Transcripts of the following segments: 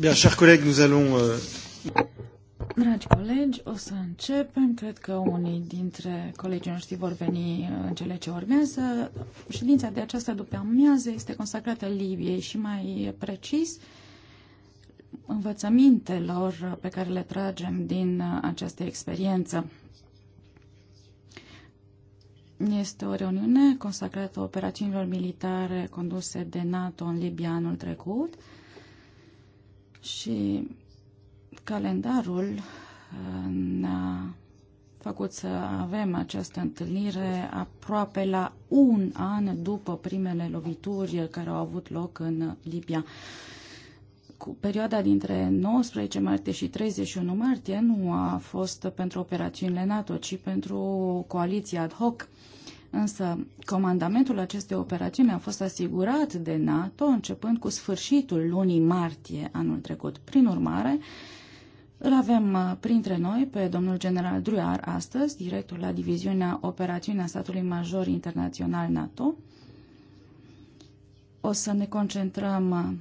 Bien, chers collègues, nous allons... Euh, Dragi colegi, o să începem. Cred că unii dintre colegii noștri vor veni uh, în cele ce urmează. Ședința de această după amiază este consacrată Libiei și mai precis învățămintelor pe care le tragem din uh, această experiență. Este o reuniune consacrată operațiunilor militare conduse de NATO în Libia anul trecut. Și calendarul uh, ne-a făcut să avem această întâlnire aproape la un an după primele lovituri care au avut loc în Libia. Cu perioada dintre 19 martie și 31 martie nu a fost pentru operațiunile NATO, ci pentru coaliția ad hoc Însă, comandamentul acestei operațiuni a fost asigurat de NATO începând cu sfârșitul lunii martie anul trecut. Prin urmare, îl avem uh, printre noi pe domnul general Druar astăzi, director la diviziunea operațiunea statului major internațional NATO. O să ne concentrăm uh,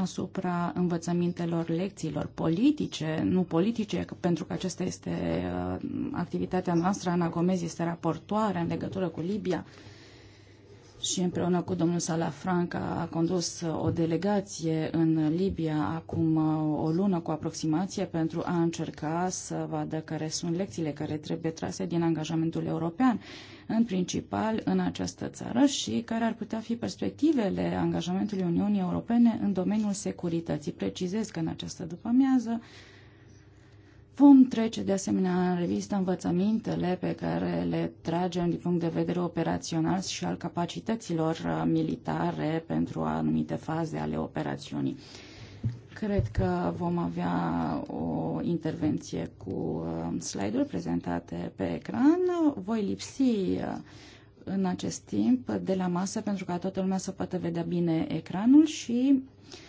asupra învățămintelor lecțiilor politice, nu politice, pentru că acesta este uh, activitatea noastră. Ana Gomez este raportoare în legătură cu Libia și împreună cu domnul Salafranca a condus uh, o delegație în Libia acum uh, o lună cu aproximație pentru a încerca să vadă care sunt lecțiile care trebuie trase din angajamentul european în principal în această țară și care ar putea fi perspectivele angajamentului Uniunii Europene în domeniul securității. Precizez că în această după-amiază Vom trece de asemenea în revistă învățămintele pe care le tragem din punct de vedere operațional și al capacităților uh, militare pentru anumite faze ale operațiunii. Cred că vom avea o intervenție cu um, slide-uri prezentate pe ecran. Voi lipsi uh, în acest timp de la masă pentru ca toată lumea să poată vedea bine ecranul și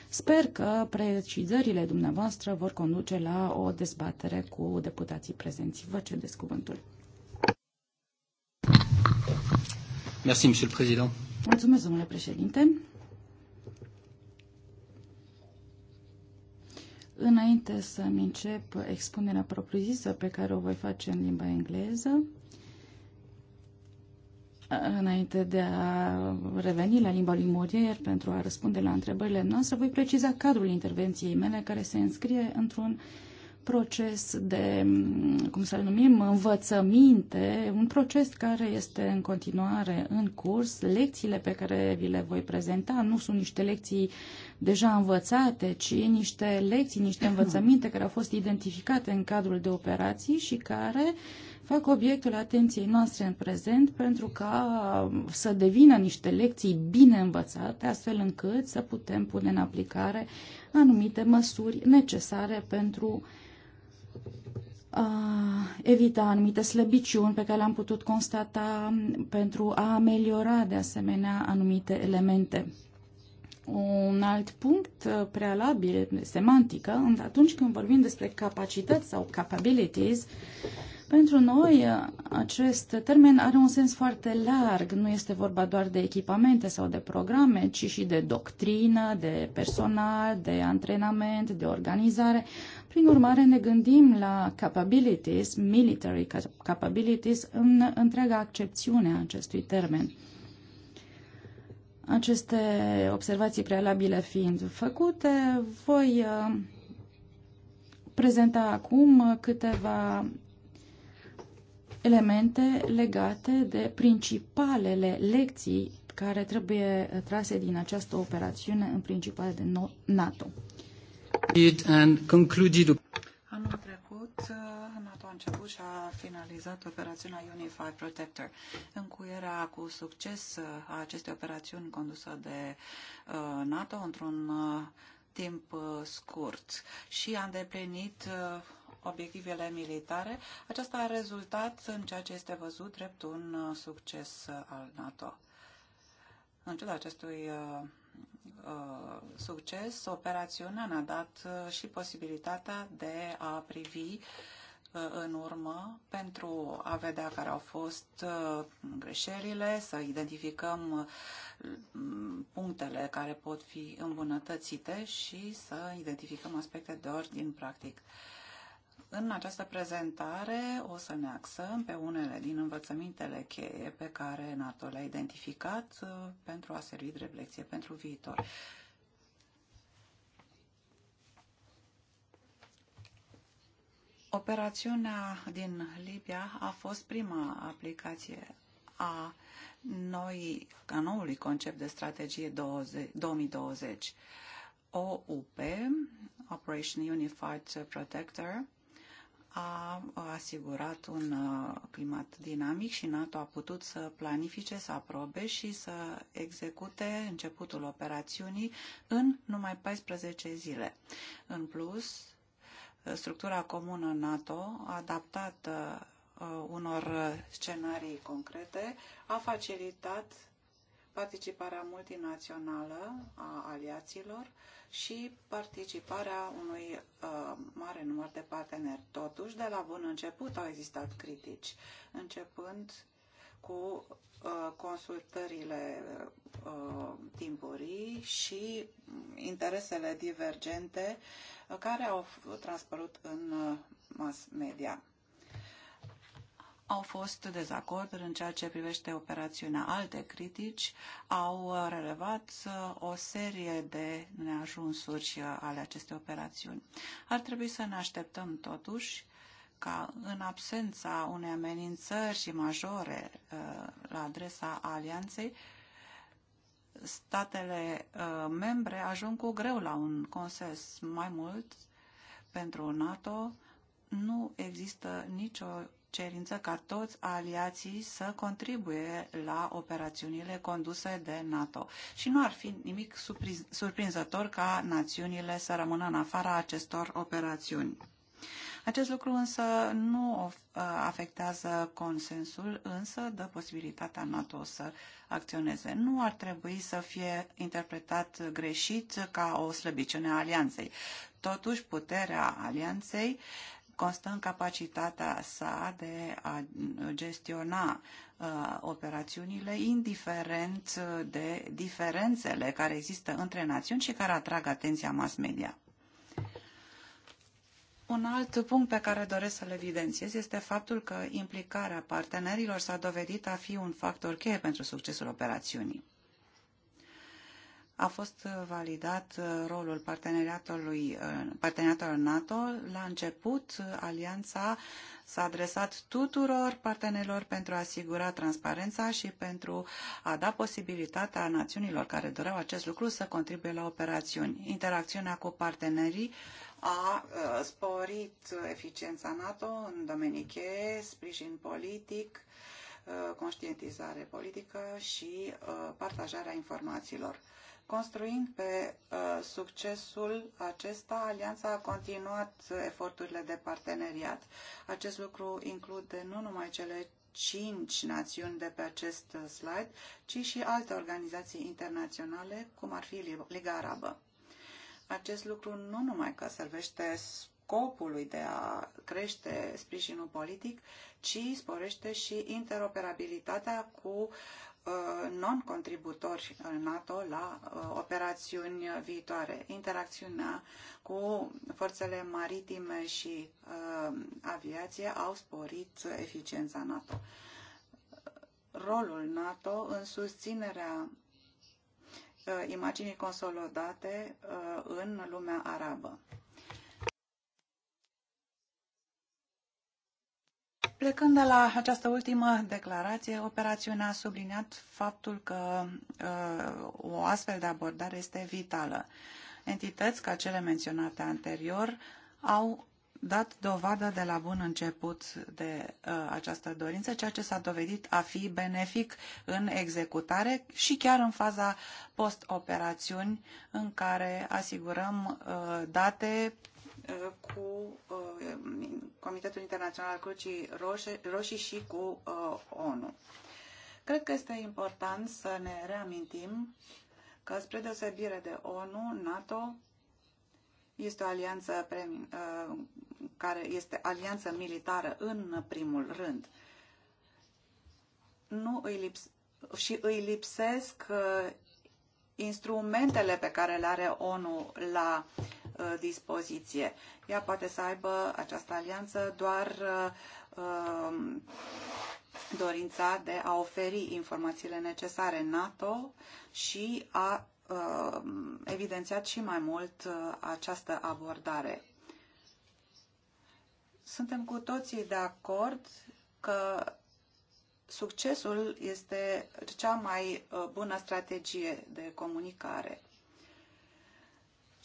sper că precizările dumneavoastră vor conduce la o dezbatere cu deputații prezenți. Vă cedeți cuvântul. Mulțumesc, domnule președinte. Înainte să-mi încep expunerea propriu-zisă pe care o voi face în limba engleză, înainte de a reveni la limba lui Morier pentru a răspunde la întrebările noastre, voi preciza cadrul intervenției mele care se înscrie într-un uh, proces de, cum să-l numim, învățăminte, un proces care este în continuare în curs. Lecțiile pe care vi le voi prezenta nu sunt niște lecții deja învățate, ci niște lecții, niște învățăminte care au fost identificate în cadrul de operații și care fac obiectul atenției noastre în prezent pentru ca să devină niște lecții bine învățate, astfel încât să putem pune în aplicare anumite măsuri necesare pentru uh, evita anumite slăbiciuni pe care le-am putut constata pentru a ameliora de asemenea anumite elemente. Un alt punct uh, prealabil, semantică, atunci când vorbim despre capacități sau capabilities, pentru noi uh, acest termen are un sens foarte larg. Nu este vorba doar de echipamente sau de programe, ci și de doctrină, de personal, de antrenament, de organizare. Prin urmare, ne gândim la capabilities, military capabilities, în întreaga accepțiune a acestui termen. Aceste observații prealabile fiind făcute, voi uh, prezenta acum câteva elemente legate de principalele lecții care trebuie trase din această operațiune în principal de NATO and concluded... Anul trecut, uh, NATO a început și a finalizat operațiunea Unified Protector. Încuierea cu succes uh, a acestei operațiuni condusă de uh, NATO într-un timp scurt și a îndeplinit obiectivele militare. Aceasta a rezultat în ceea ce este văzut drept un succes al NATO. În ciuda acestui Uh, succes operațiunea ne-a dat uh, și posibilitatea de a privi uh, în urmă pentru a vedea care au fost greșelile, să identificăm punctele care pot fi îmbunătățite și să identificăm aspecte de ordin practic. În această prezentare o să ne axăm pe unele din învățămintele cheie pe care NATO le-a identificat uh, pentru a servi de reflexie pentru viitor. Operațiunea din Libia a fost prima aplicație a, noi, a noului concept de strategie 20, 2020. OUP, Operation Unified Protector, a asigurat un climat dinamic și NATO a putut să planifice, să aprobe și să execute începutul operațiunii în numai 14 zile. În plus, structura comună NATO, adaptată unor scenarii concrete, a facilitat participarea multinațională a aliaților și participarea unui uh, mare număr de parteneri. Totuși, de la bun început au existat critici, începând cu uh, consultările uh, timpurii și interesele divergente uh, care au transpărut în uh, mass media au fost dezacorduri în ceea ce privește operațiunea. Alte critici au relevat uh, o serie de neajunsuri uh, ale acestei operațiuni. Ar trebui să ne așteptăm totuși ca în absența unei amenințări majore uh, la adresa alianței, statele membre ajung cu greu la un consens mai mult pentru NATO, nu există nicio cerință ca toți aliații să contribuie la operațiunile conduse de NATO. Și nu ar fi nimic surprinzător ca națiunile să rămână în afara acestor operațiuni. Acest lucru însă nu uh, afectează consensul, însă dă posibilitatea NATO să acționeze. Nu ar trebui să fie interpretat greșit ca o slăbiciune a alianței. Totuși, puterea alianței uh, constă în capacitatea sa de a gestiona uh, operațiunile, indiferent de diferențele care există între națiuni și care atrag atenția mass media. Un alt punct pe care doresc să-l evidențiez este faptul că implicarea partenerilor s-a dovedit a fi un factor cheie pentru succesul operațiunii a fost validat uh, rolul parteneriatului, uh, parteneriatului NATO. La început, uh, alianța s-a adresat tuturor partenerilor pentru a asigura transparența și pentru a da posibilitatea națiunilor care doreau acest lucru să contribuie la operațiuni. Interacțiunea cu partenerii a sporit eficiența NATO în domenii cheie, sprijin politic, conștientizare politică și partajarea informațiilor. Construind pe uh, succesul acesta, Alianța a continuat eforturile de parteneriat. Acest lucru include nu numai cele cinci națiuni de pe acest uh, slide, ci și alte organizații internaționale, cum ar fi Liga Arabă. Acest lucru nu numai că servește scopului de a crește sprijinul politic, ci sporește și interoperabilitatea cu uh, Uh, non-contributori NATO la uh, operațiuni viitoare. Interacțiunea cu forțele maritime și uh, aviație au sporit eficiența NATO. Rolul NATO în susținerea imaginii consolidate în lumea arabă. Plecând de la această ultimă declarație, operațiunea a subliniat faptul că uh, o astfel de abordare este vitală. Entități ca cele menționate anterior au dat dovadă de la bun început de uh, această dorință, ceea ce s-a dovedit a fi benefic în executare și chiar în faza post-operațiuni în care asigurăm uh, date Uh, cu uh, Comitetul Internațional al Crucii Roșii și cu uh, ONU. Cred că este important să ne reamintim că, spre deosebire de ONU, NATO este o alianță care este alianță militară în primul rând. Nu îi lips- și îi lipsesc instrumentele pe care le are ONU la Uh, dispoziție. Ea poate să aibă această alianță doar uh, dorința de a oferi informațiile necesare NATO și a uh, evidențiat și mai mult această abordare. Suntem cu toții de acord că succesul este cea mai bună strategie de comunicare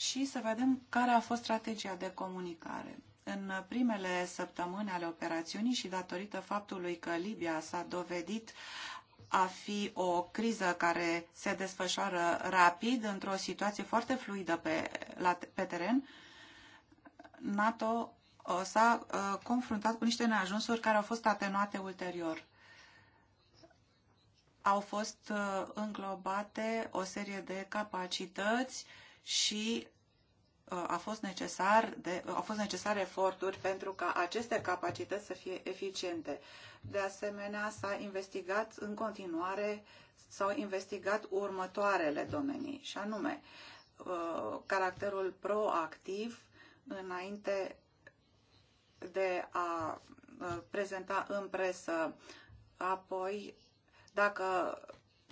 și să vedem care a fost strategia de comunicare. În primele săptămâni ale operațiunii și datorită faptului că Libia s-a dovedit a fi o criză care se desfășoară rapid într-o situație foarte fluidă pe, la, pe teren, NATO uh, s-a uh, confruntat cu niște neajunsuri care au fost atenuate ulterior. Au fost uh, înglobate o serie de capacități uh, și uh, a fost, necesar de, uh, au fost necesare eforturi pentru ca aceste capacități să fie eficiente. De asemenea, s-a investigat în continuare, s-au investigat următoarele domenii, și anume uh, caracterul proactiv înainte de a prezenta în presă, apoi dacă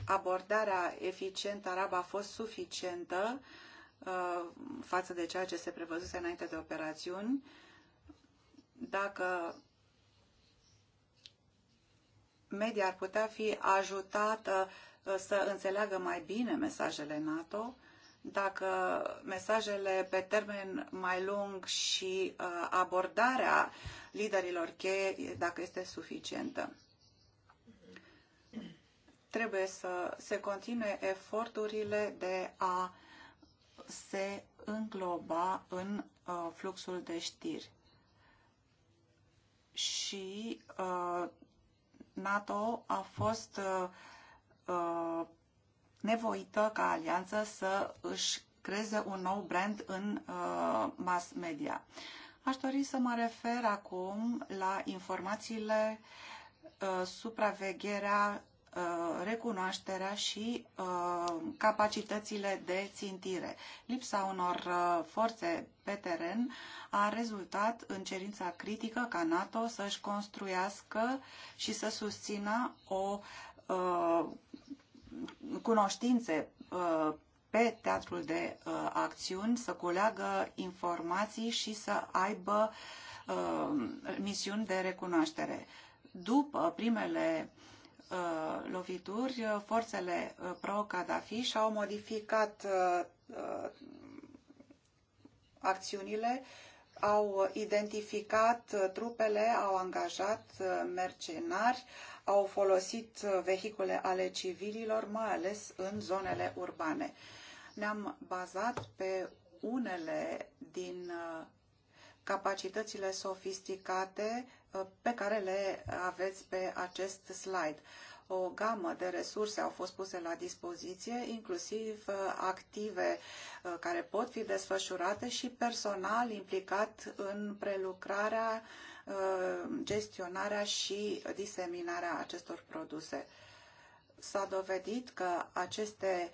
abordarea eficientă arabă a fost suficientă, Uh, față de ceea ce se prevăzuse înainte de operațiuni. Dacă media ar putea fi ajutată uh, să înțeleagă mai bine mesajele NATO, dacă mesajele pe termen mai lung și uh, abordarea liderilor cheie, dacă este suficientă. Trebuie să se continue eforturile de a se îngloba în uh, fluxul de știri. Și uh, NATO a fost uh, nevoită ca alianță să își creeze un nou brand în mass media. Aș dori să mă refer acum la informațiile, supravegherea Uh, recunoașterea și uh, capacitățile de țintire. Lipsa unor uh, forțe pe teren a rezultat în cerința critică ca NATO să-și construiască și să susțină o cunoștințe pe teatrul de acțiuni, să culeagă informații și să aibă misiuni de recunoaștere. După primele uh, uh, lovituri, uh, forțele uh, pro-Gaddafi și-au modificat uh, uh, acțiunile, au identificat uh, trupele, au angajat mercenari, au folosit vehicule ale civililor, mai ales în zonele urbane. Ne-am bazat pe unele din capacitățile sofisticate Uh, pe care le aveți pe acest slide. O gamă de resurse au fost puse la dispoziție, inclusiv uh, active uh, care pot fi desfășurate și personal implicat în prelucrarea, gestionarea și diseminarea acestor produse. S-a dovedit că aceste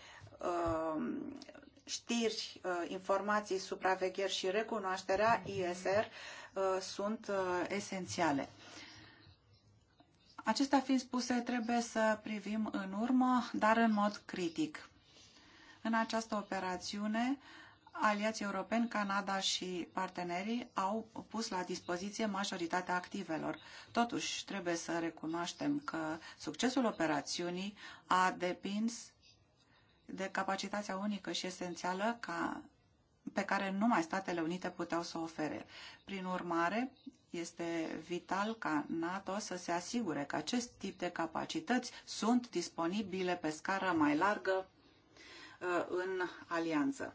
știri, informații, supravegheri și recunoașterea ISR Uh, sunt uh, esențiale. Acestea fiind spuse, trebuie să privim în urmă, dar în mod critic. În această operațiune, aliații europeni, Canada și partenerii au pus la dispoziție majoritatea activelor. Totuși, trebuie să recunoaștem că succesul operațiunii a depins de capacitatea unică și esențială ca pe care numai Statele Unite puteau să o ofere. Prin urmare, este vital ca NATO să se asigure că acest tip de capacități sunt disponibile pe scară mai largă uh, în alianță.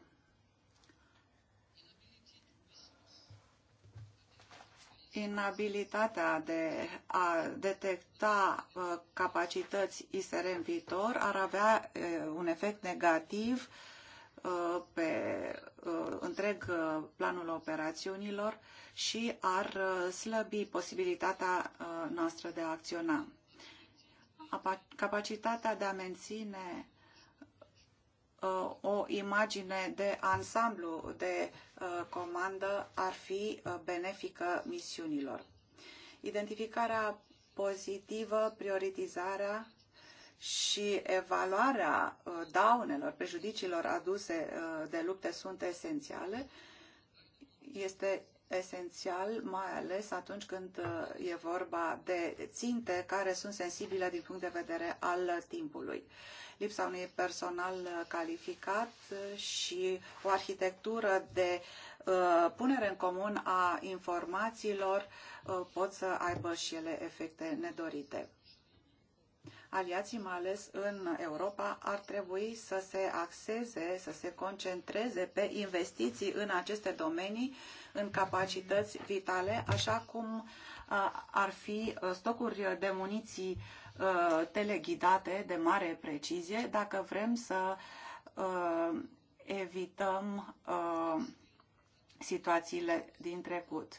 inabilitatea de a detecta uh, capacități ISR în viitor ar avea uh, un efect negativ pe uh, întreg uh, planul operațiunilor și ar uh, slăbi posibilitatea noastră de a acționa. Capacitatea de a menține o imagine de ansamblu de comandă ar fi benefică misiunilor. Identificarea pozitivă, prioritizarea și evaluarea uh, daunelor, prejudiciilor aduse uh, de lupte sunt esențiale. Este esențial, mai ales atunci când uh, e vorba de ținte care sunt sensibile din punct de vedere al timpului. Lipsa unui personal calificat și o arhitectură de punere în comun a informațiilor pot să aibă și ele efecte nedorite aliații, mai ales în Europa, ar trebui să se axeze, să se concentreze pe investiții în aceste domenii, în capacități vitale, așa cum ar fi stocuri de muniții teleghidate de mare precizie, dacă vrem să evităm situațiile din trecut.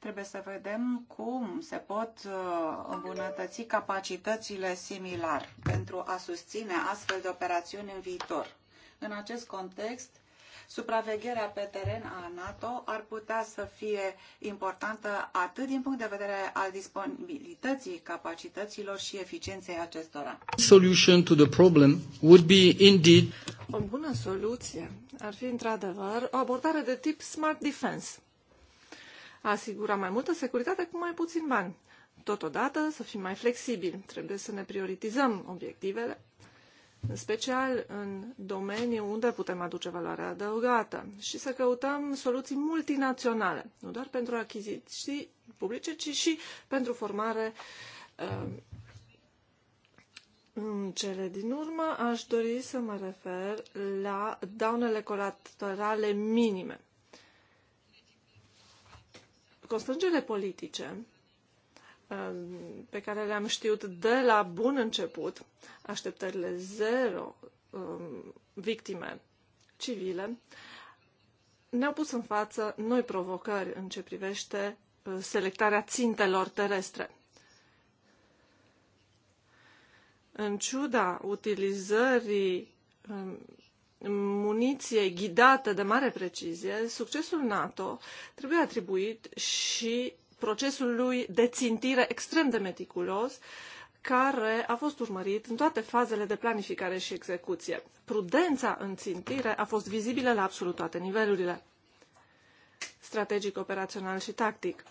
Trebuie să vedem cum se pot uh, îmbunătăți capacitățile similar pentru a susține astfel de operațiuni în viitor. În acest context, supravegherea pe teren a NATO ar putea să fie importantă atât din punct de vedere al disponibilității capacităților și eficienței acestora. Solution to the problem would be indeed o bună soluție ar fi într-adevăr o abordare de tip smart defense asigura mai multă securitate cu mai puțin bani. Totodată, să fim mai flexibili. Trebuie să ne prioritizăm obiectivele, în special în domenii unde putem aduce valoare adăugată și să căutăm soluții multinaționale, nu doar pentru achiziții publice, ci și pentru formare. Uh, în cele din urmă, aș dori să mă refer la daunele colaterale minime constrângele politice uh, pe care le-am știut de la bun început, așteptările zero um, victime civile, ne-au pus în față noi provocări în ce privește uh, selectarea țintelor terestre. În ciuda utilizării um, muniție ghidată de mare precizie, succesul NATO trebuie atribuit și procesul lui de țintire extrem de meticulos, care a fost urmărit în toate fazele de planificare și execuție. Prudența în țintire a fost vizibilă la absolut toate nivelurile, strategic, operațional și tactic.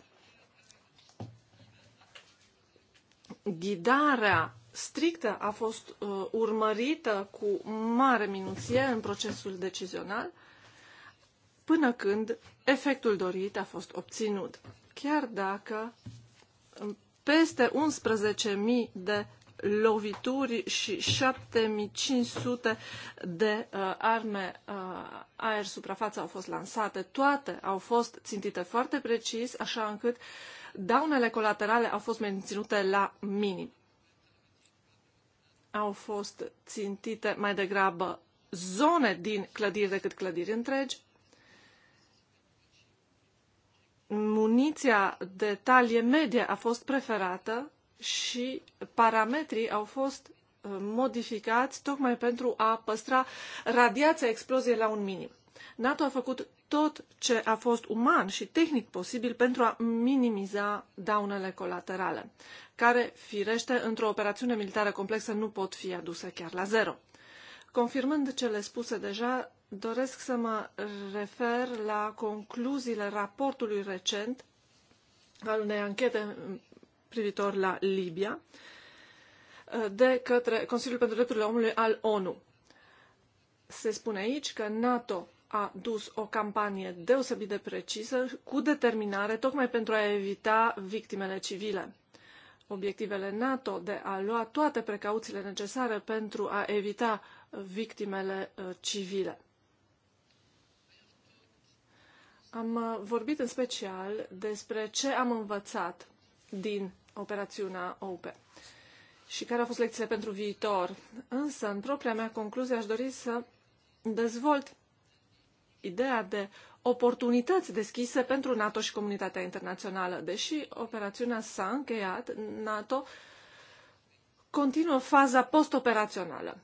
Ghidarea strictă a fost uh, urmărită cu mare minuție în procesul decizional, până când efectul dorit a fost obținut. Chiar dacă um, peste 11.000 de lovituri și 7500 de uh, arme uh, aer-suprafață au fost lansate. Toate au fost țintite foarte precis, așa încât daunele colaterale au fost menținute la minim au fost țintite mai degrabă zone din clădiri decât clădiri întregi. Muniția de talie medie a fost preferată și parametrii au fost uh, modificați tocmai pentru a păstra radiația exploziei la un minim. NATO a făcut tot ce a fost uman și tehnic posibil pentru a minimiza daunele colaterale, care, firește, într-o operațiune militară complexă nu pot fi aduse chiar la zero. Confirmând cele spuse deja, doresc să mă refer la concluziile raportului recent al unei anchete privitor la Libia de către Consiliul pentru Drepturile Omului al ONU. Se spune aici că NATO a dus o campanie deosebit de precisă, cu determinare, tocmai pentru a evita victimele civile. Obiectivele NATO de a lua toate precauțiile necesare pentru a evita victimele uh, civile. Am uh, vorbit în special despre ce am învățat din operațiunea OPE și care au fost lecțiile pentru viitor. Însă, în propria mea concluzie, aș dori să dezvolt ideea de oportunități deschise pentru NATO și comunitatea internațională. Deși operațiunea s-a încheiat, NATO continuă faza postoperațională,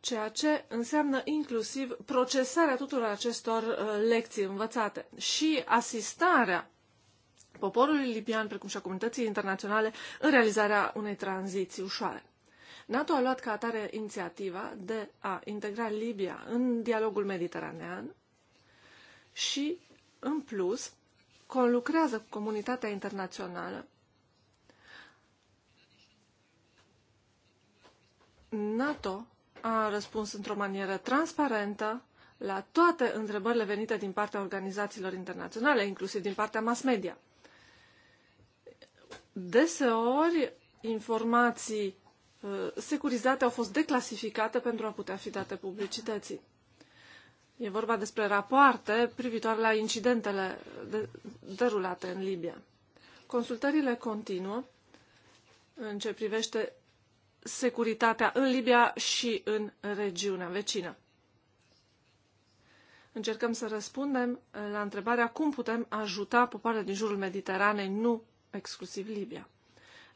ceea ce înseamnă inclusiv procesarea tuturor acestor uh, lecții învățate și asistarea poporului libian, precum și a comunității internaționale, în realizarea unei tranziții ușoare. NATO a luat ca atare inițiativa de a integra Libia în dialogul mediteranean, și, în plus, conlucrează cu comunitatea internațională. NATO a răspuns într-o manieră transparentă la toate întrebările venite din partea organizațiilor internaționale, inclusiv din partea mass media. Deseori, informații uh, securizate au fost declasificate pentru a putea fi date publicității. E vorba despre rapoarte privitoare la incidentele de derulate în Libia. Consultările continuă în ce privește securitatea în Libia și în regiunea vecină. Încercăm să răspundem la întrebarea cum putem ajuta popoarele din jurul Mediteranei, nu exclusiv Libia.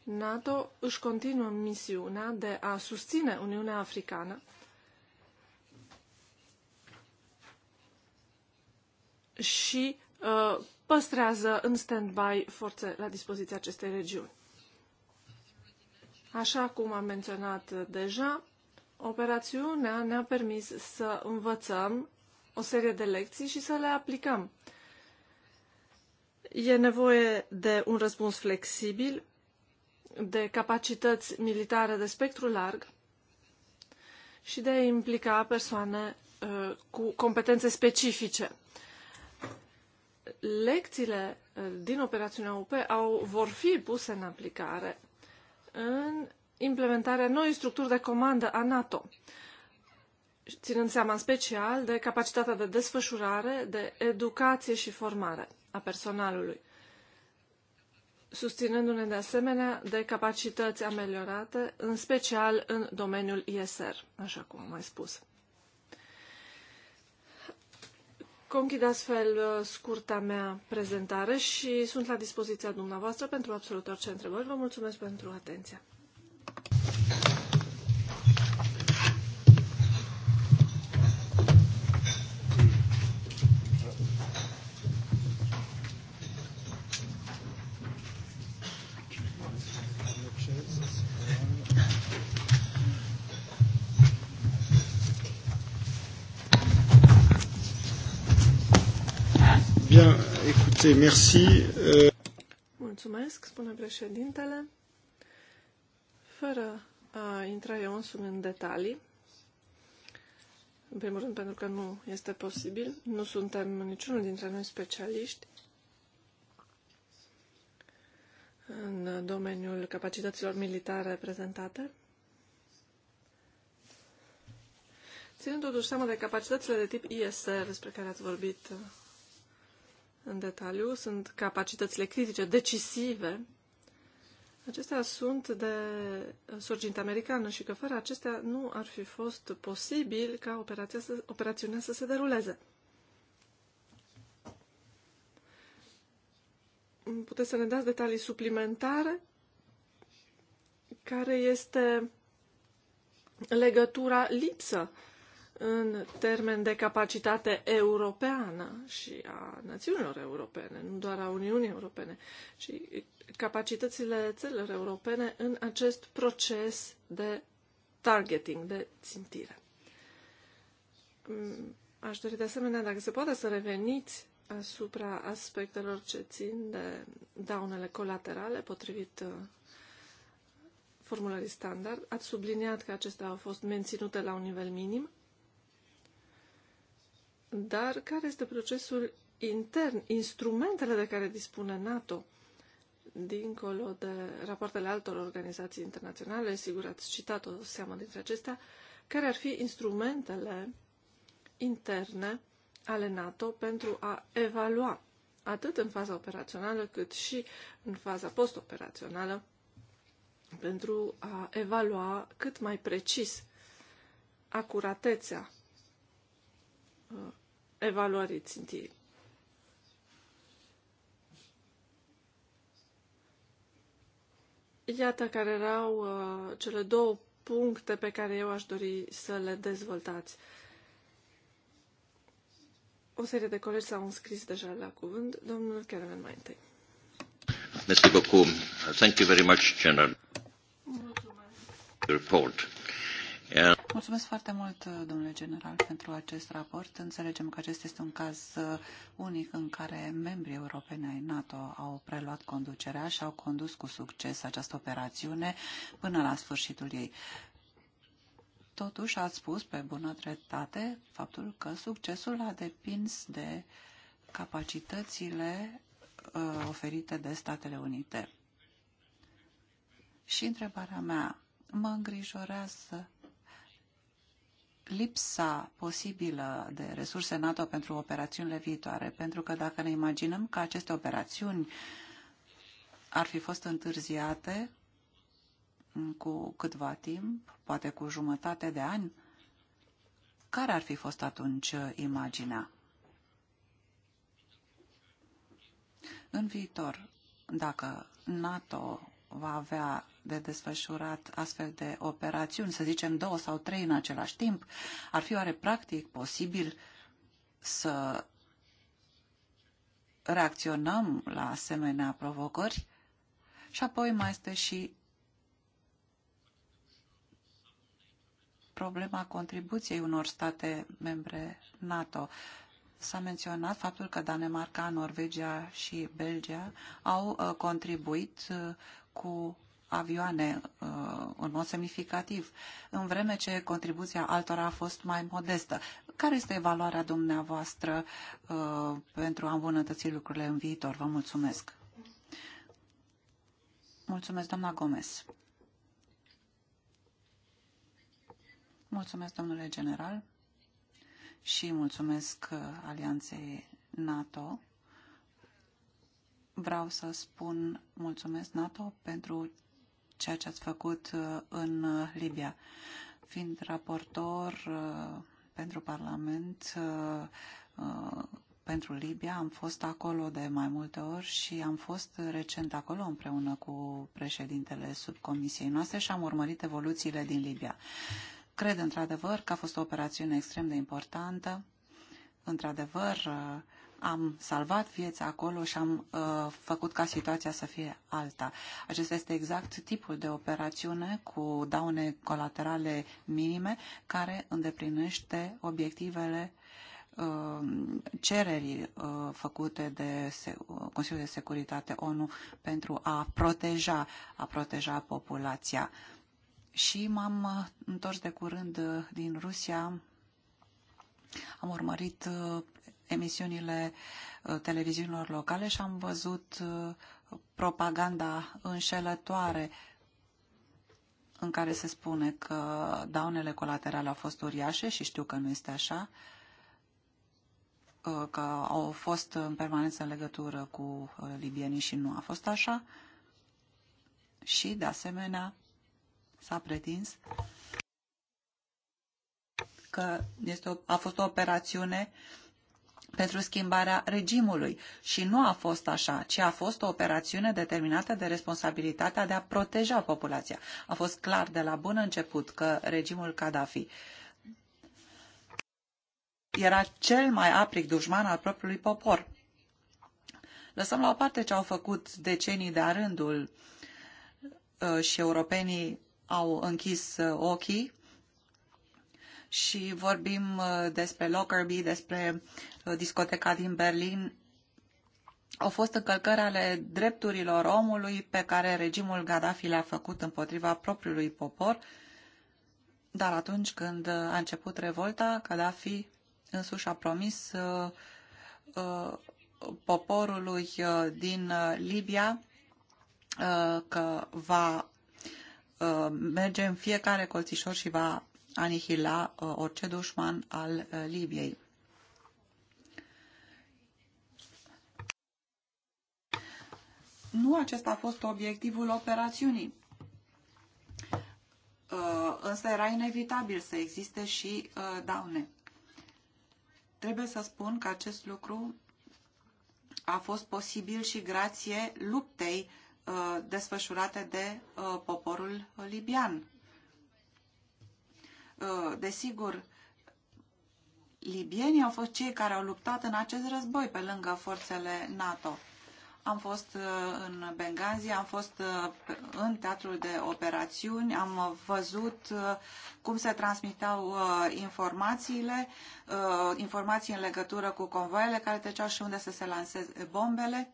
NATO își continuă misiunea de a susține Uniunea Africană și uh, păstrează în stand-by forțe la dispoziția acestei regiuni. Așa cum am menționat deja, operațiunea ne-a permis să învățăm o serie de lecții și să le aplicăm. E nevoie de un răspuns flexibil, de capacități militare de spectru larg și de a implica persoane uh, cu competențe specifice lecțiile eh, din operațiunea UP au, vor fi puse în aplicare în implementarea noii structuri de comandă a NATO, ținând seama în special de capacitatea de desfășurare, de educație și formare a personalului, susținându-ne de asemenea de capacități ameliorate, în special în domeniul ISR, așa cum am mai spus. Conchid astfel uh, scurta mea prezentare și sunt la dispoziția dumneavoastră pentru absolut orice întrebări. Vă mulțumesc pentru atenție. Écoutez, merci. Mulțumesc, spune președintele. Fără a intra eu însumi în detalii, în primul rând pentru că nu este posibil, nu suntem niciunul dintre noi specialiști în domeniul capacităților militare prezentate. Ținând totuși seama de capacitățile de tip ISR despre care ați vorbit în detaliu sunt capacitățile critice, decisive. Acestea sunt de surginte americană și că fără acestea nu ar fi fost posibil ca operația să, operațiunea să se deruleze. Puteți să ne dați detalii suplimentare? Care este legătura lipsă în termen de capacitate europeană și a națiunilor europene, nu doar a Uniunii Europene, ci capacitățile țărilor europene în acest proces de targeting, de țintire. Mm, aș dori de asemenea, dacă se poate, să reveniți asupra aspectelor ce țin de daunele colaterale potrivit uh, formulării standard. Ați subliniat că acestea au fost menținute la un nivel minim dar care este procesul intern, instrumentele de care dispune NATO, dincolo de rapoartele altor organizații internaționale, sigur ați citat o seamă dintre acestea, care ar fi instrumentele interne ale NATO pentru a evalua atât în faza operațională cât și în faza postoperațională pentru a evalua cât mai precis acuratețea uh, evaluare țintii. Iată care erau uh, cele două puncte pe care eu aș dori să le dezvoltați. O serie de colegi s-au înscris deja la cuvânt. Domnul Kermen mai întâi. Mr. thank you very much, General. Mulțumesc. Report. Mulțumesc foarte mult, domnule general, pentru acest raport. Înțelegem că acest este un caz uh, unic în care membrii europeni ai NATO au preluat conducerea și au condus cu succes această operațiune până la sfârșitul ei. Totuși, ați spus pe bună dreptate faptul că succesul a depins de capacitățile uh, oferite de Statele Unite. Și întrebarea mea, mă îngrijorează lipsa posibilă de resurse NATO pentru operațiunile viitoare, pentru că dacă ne imaginăm că aceste operațiuni ar fi fost întârziate cu câtva timp, poate cu jumătate de ani, care ar fi fost atunci imaginea? În viitor, dacă NATO va avea de desfășurat astfel de operațiuni, să zicem două sau trei în același timp, ar fi oare practic posibil să reacționăm la asemenea provocări? Și apoi mai este și problema contribuției unor state membre NATO. S-a menționat faptul că Danemarca, Norvegia și Belgia au uh, contribuit uh, cu avioane uh, în mod semnificativ, în vreme ce contribuția altora a fost mai modestă. Care este valoarea dumneavoastră uh, pentru a îmbunătăți lucrurile în viitor? Vă mulțumesc. Mulțumesc, doamna Gomez. Mulțumesc, domnule general, și mulțumesc uh, Alianței NATO vreau să spun mulțumesc NATO pentru ceea ce ați făcut uh, în uh, Libia. Fiind raportor uh, pentru Parlament, pentru Libia, am fost acolo de mai multe ori și am fost recent acolo împreună cu președintele subcomisiei noastre și am urmărit evoluțiile din Libia. Cred într-adevăr că a fost o operațiune extrem de importantă. Într-adevăr, uh, am salvat vieți acolo și am uh, făcut ca situația să fie alta. Acesta este exact tipul de operațiune cu daune colaterale minime care îndeplinește obiectivele uh, cererii uh, făcute de uh, Consiliul de Securitate ONU pentru a proteja, a proteja populația. Și m-am întors de curând din Rusia, am urmărit emisiunile uh, televiziunilor locale și am văzut uh, propaganda înșelătoare în care se spune că daunele colaterale au fost uriașe și știu că nu este așa, uh, că au fost în permanență în legătură cu libienii și nu a fost așa. Și, de asemenea, s-a pretins că este o, a fost o operațiune pentru schimbarea regimului și nu a fost așa, ci a fost o operațiune determinată de responsabilitatea de a proteja populația. A fost clar de la bun început că regimul Gaddafi era cel mai apric dușman al propriului popor. Lăsăm la o parte ce au făcut decenii de-a rândul uh, și europenii au închis uh, ochii și vorbim uh, despre Lockerbie, despre uh, discoteca din Berlin, au fost încălcări ale drepturilor omului pe care regimul Gaddafi le-a făcut împotriva propriului popor, dar atunci când uh, a început revolta, Gaddafi însuși a promis poporului din Libia că va merge în fiecare colțișor și va anihila uh, orice dușman al uh, Libiei. Nu acesta a fost obiectivul operațiunii. Uh, însă era inevitabil să existe și daune. Trebuie să spun că acest lucru a fost posibil și grație luptei desfășurate de poporul libian Uh, desigur, libienii au fost cei care au luptat în acest război pe lângă forțele NATO. Am fost uh, în Benghazi, am fost uh, în teatrul de operațiuni, am văzut cum se transmitau informațiile, informații în legătură cu convoaiele care treceau și unde să se lanseze bombele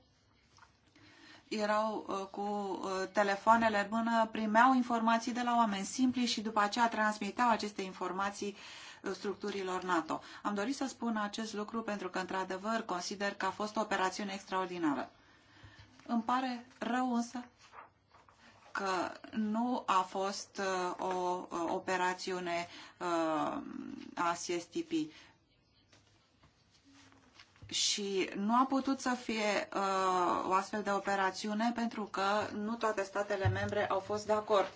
erau uh, cu uh, telefoanele în mână, primeau informații de la oameni simpli și după aceea transmiteau aceste informații uh, structurilor NATO. Am dorit să spun acest lucru pentru că, într-adevăr, consider că a fost o operațiune extraordinară. Îmi pare rău însă că nu a fost o operațiune a CSTP și nu a putut să fie uh, o astfel de operațiune pentru că nu toate statele membre au fost de acord.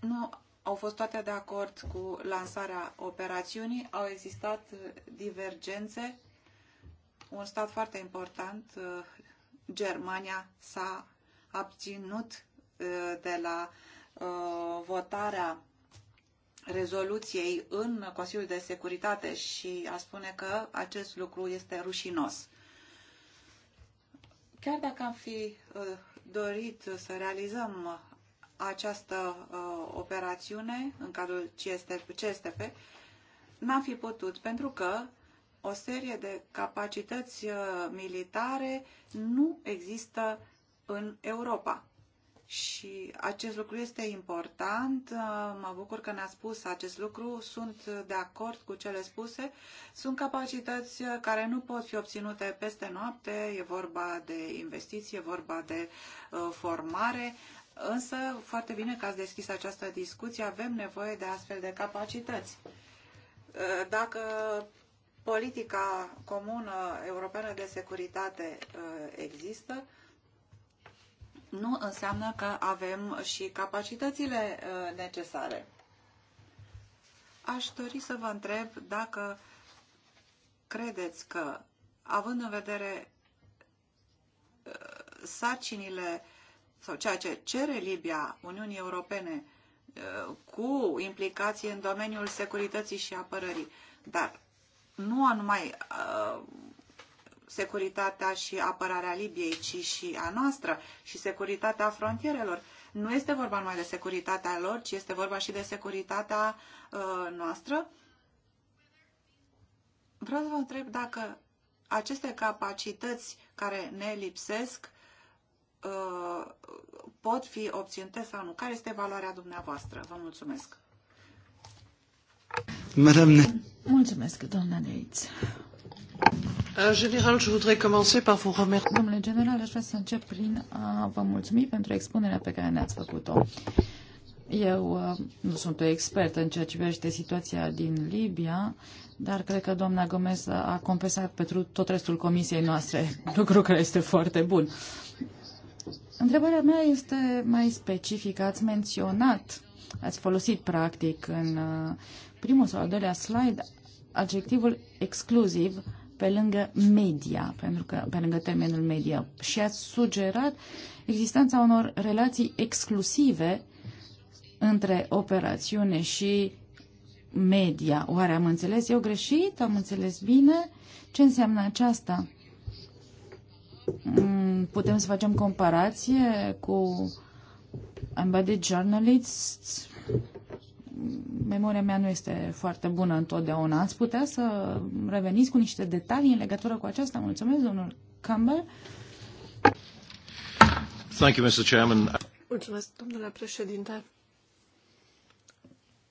Nu au fost toate de acord cu lansarea operațiunii, au existat divergențe. Un stat foarte important, uh, Germania, s-a abținut uh, de la uh, votarea rezoluției în Consiliul de Securitate și a spune că acest lucru este rușinos. Chiar dacă am fi uh, dorit să realizăm această uh, operațiune în cadrul CSTP, n-am fi putut pentru că o serie de capacități uh, militare nu există în Europa. Și acest lucru este important, uh, mă bucur că ne-a spus acest lucru, sunt de acord cu cele spuse. Sunt capacități care nu pot fi obținute peste noapte, e vorba de investiție, e vorba de uh, formare, însă foarte bine că ați deschis această discuție, avem nevoie de astfel de capacități. Uh, dacă politica comună europeană de securitate uh, există, nu înseamnă că avem și capacitățile uh, necesare. Aș dori să vă întreb dacă credeți că, având în vedere uh, sarcinile sau ceea ce cere Libia Uniunii Europene uh, cu implicații în domeniul securității și apărării, dar nu anumai securitatea și apărarea Libiei, ci și a noastră și securitatea frontierelor. Nu este vorba numai de securitatea lor, ci este vorba și de securitatea uh, noastră. Vreau să vă întreb dacă aceste capacități care ne lipsesc uh, pot fi obținute sau nu. Care este valoarea dumneavoastră? Vă mulțumesc. Madame... Mulțumesc, doamna Neiț. General, euh, je voudrais commencer par vous remercier. Domnule general, aș vrea să încep prin a vă mulțumi pentru expunerea pe care ne-ați făcut-o. Eu uh, nu sunt o expertă în ceea ce privește situația din Libia, dar cred că doamna Gomez a compensat pentru tot restul comisiei noastre, lucru care este foarte bun. Întrebarea mea este mai specifică. Ați menționat, ați folosit practic în uh, primul sau al doilea slide adjectivul exclusiv pe lângă media, pentru că, pe lângă termenul media, și ați sugerat existența unor relații exclusive între operațiune și media. Oare am înțeles eu greșit? Am înțeles bine? Ce înseamnă aceasta? Mm, putem să facem comparație cu embedded journalists memoria mea nu este foarte bună întotdeauna. Ați putea să reveniți cu niște detalii în legătură cu aceasta? Mulțumesc, domnul Campbell. Thank you, Mr. Chairman. Mulțumesc, domnule președinte.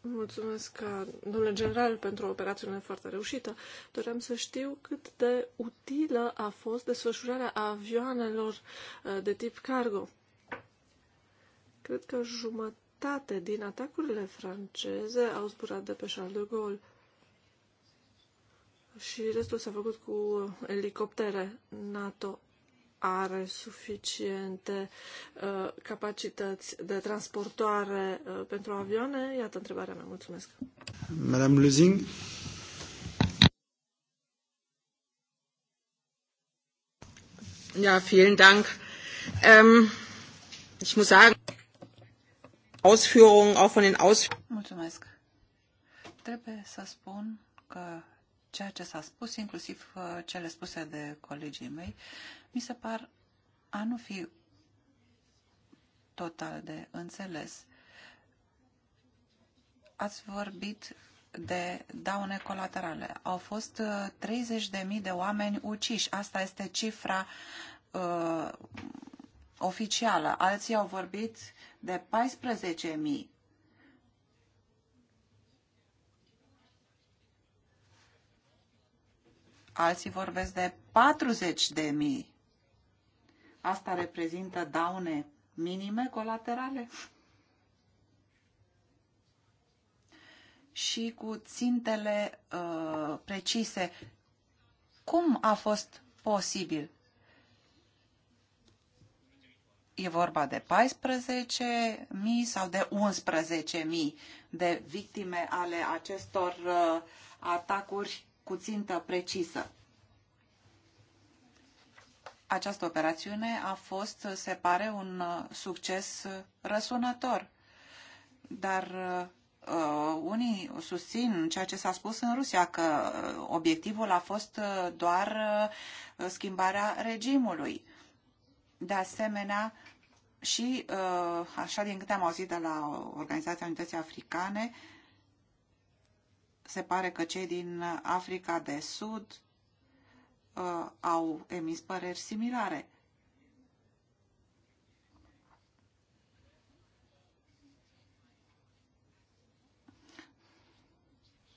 Mulțumesc, domnule general, pentru o operațiune foarte reușită. Doream să știu cât de utilă a fost desfășurarea avioanelor uh, de tip cargo. Cred că jumătate jumătate din atacurile franceze au zburat de pe Charles de Gaulle și restul s-a făcut cu elicoptere. NATO are suficiente uh, capacități de transportoare uh, pentru avioane? Iată întrebarea mea. Mulțumesc. Madame Luzing. Ja, vielen Dank. Ähm, ich muss sagen, Ausführungen, auch von den Ausführungen. Mulțumesc. Trebuie să spun că ceea ce s-a spus, inclusiv uh, cele spuse de colegii mei, mi se par a nu fi total de înțeles. Ați vorbit de daune colaterale. Au fost 30.000 uh, de oameni uciși. Asta este cifra uh, oficială. Alții au vorbit de 14.000. Alții vorbesc de 40.000. Asta reprezintă daune minime colaterale? și cu țintele uh, precise. Cum a fost posibil? E vorba de 14.000 sau de 11.000 de victime ale acestor uh, atacuri cu țintă precisă. Această operațiune a fost, uh, se pare, un uh, succes răsunător. Dar uh, unii susțin ceea ce s-a spus în Rusia, că obiectivul a fost doar schimbarea regimului de asemenea, și uh, așa din câte am auzit de la Organizația Unității Africane, se pare că cei din Africa de Sud uh, au emis păreri similare.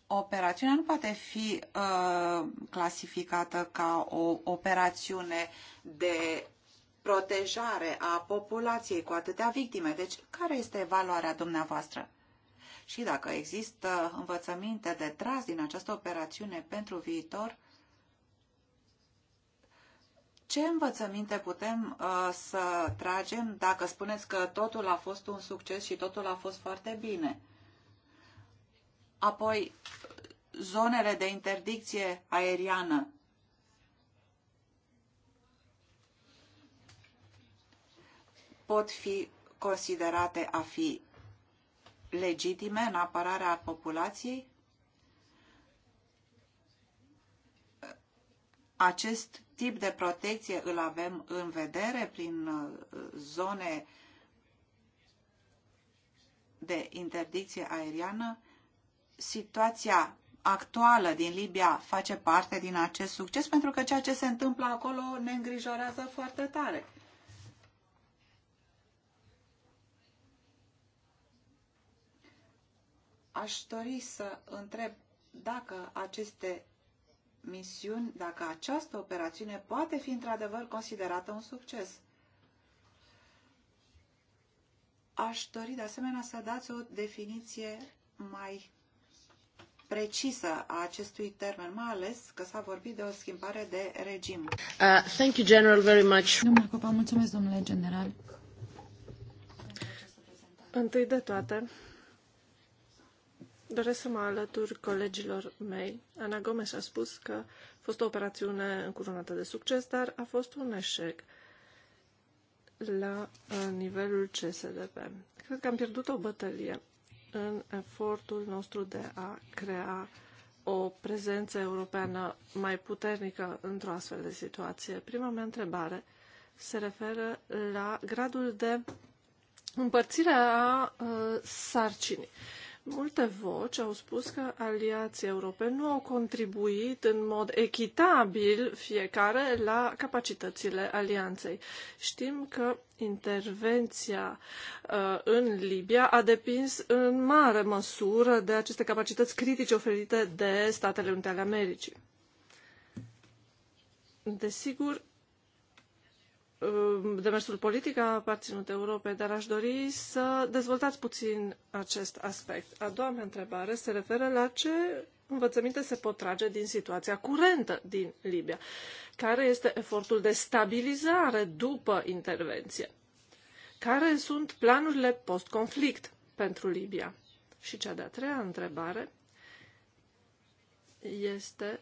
Operațiunea nu poate fi uh, clasificată ca o operațiune de protejare a populației cu atâtea victime. Deci, care este valoarea dumneavoastră? Și dacă există învățăminte de tras din această operațiune pentru viitor, ce învățăminte putem uh, să tragem dacă spuneți că totul a fost un succes și totul a fost foarte bine? Apoi, zonele de interdicție aeriană. pot fi considerate a fi legitime în apărarea populației? Acest tip de protecție îl avem în vedere prin uh, zone de interdicție aeriană. Situația actuală din Libia face parte din acest succes pentru că ceea ce se întâmplă acolo ne îngrijorează foarte tare. Aș dori să întreb dacă aceste misiuni, dacă această operațiune poate fi într-adevăr considerată un succes. Aș dori de asemenea să dați o definiție mai precisă a acestui termen, mai ales că s-a vorbit de o schimbare de regim. Uh, thank you, General, very much. Domnule Copa, mulțumesc, domnule general. Întâi de toate, Doresc să mă alătur colegilor mei. Ana Gomes a spus că a fost o operațiune încurunată de succes, dar a fost un eșec la uh, nivelul CSDP. Cred că am pierdut o bătălie în efortul nostru de a crea o prezență europeană mai puternică într-o astfel de situație. Prima mea întrebare se referă la gradul de împărțire a uh, sarcinii. Uh, Multe voci au spus că aliații europeni nu au contribuit în mod echitabil fiecare la capacitățile alianței. Știm că intervenția uh, în Libia a depins în mare măsură de aceste capacități critice oferite de Statele Unite ale Americii. Desigur, Uh, demersul politic a aparținut Europei, dar aș dori să dezvoltați puțin acest aspect. A doua mea întrebare se referă la ce învățăminte se pot trage din situația curentă din Libia, care este efortul de stabilizare după intervenție, care sunt planurile post-conflict pentru Libia. Și cea de-a treia întrebare este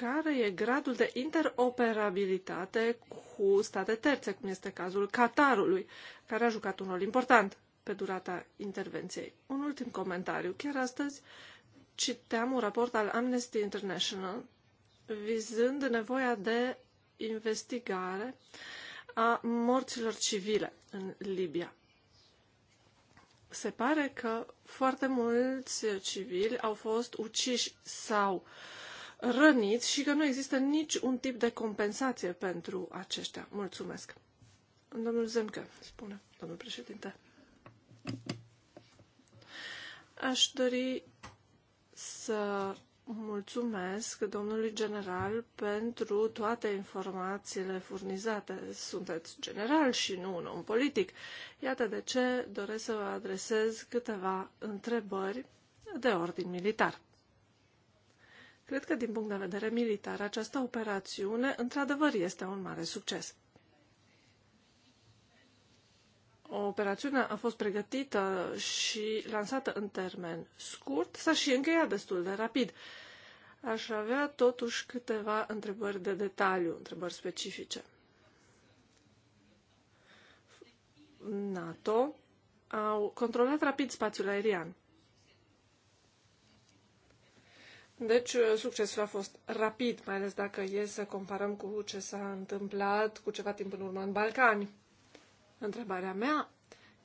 care e gradul de interoperabilitate cu state terțe, cum este cazul Qatarului, care a jucat un rol important pe durata intervenției. Un ultim comentariu. Chiar astăzi citeam un raport al Amnesty International vizând nevoia de investigare a morților civile în Libia. Se pare că foarte mulți civili au fost uciși sau uh, răniți și că nu există nici un tip de compensație pentru aceștia. Mulțumesc. Domnul Zemke, spune domnul președinte. Aș dori să mulțumesc domnului general pentru toate informațiile furnizate. Sunteți general și nu un om politic. Iată de ce doresc să vă adresez câteva întrebări de ordin militar. Cred că, din punct de vedere militar, această operațiune, într-adevăr, este un mare succes. operațiune a fost pregătită și lansată în termen scurt, s-a și încheiat destul de rapid. Aș avea totuși câteva întrebări de detaliu, întrebări specifice. NATO au controlat rapid spațiul aerian. Deci, uh, succesul a fost rapid, mai ales dacă e să comparăm cu ce s-a întâmplat cu ceva timp în urmă în Balcani. Întrebarea mea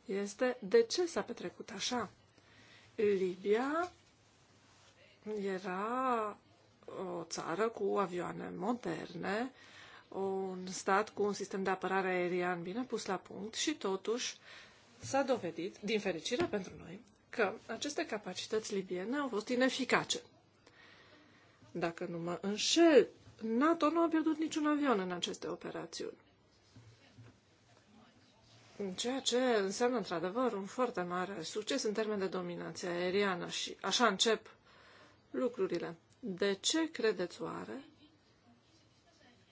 este de ce s-a petrecut așa? Libia era o țară cu avioane moderne, un stat cu un sistem de apărare aerian bine pus la punct și totuși s-a dovedit, din fericire pentru noi, că aceste capacități libiene au fost ineficace. Dacă nu mă înșel, NATO nu a pierdut niciun avion în aceste operațiuni. Ceea ce înseamnă într-adevăr un foarte mare succes în termen de dominație aeriană și așa încep lucrurile. De ce credeți oare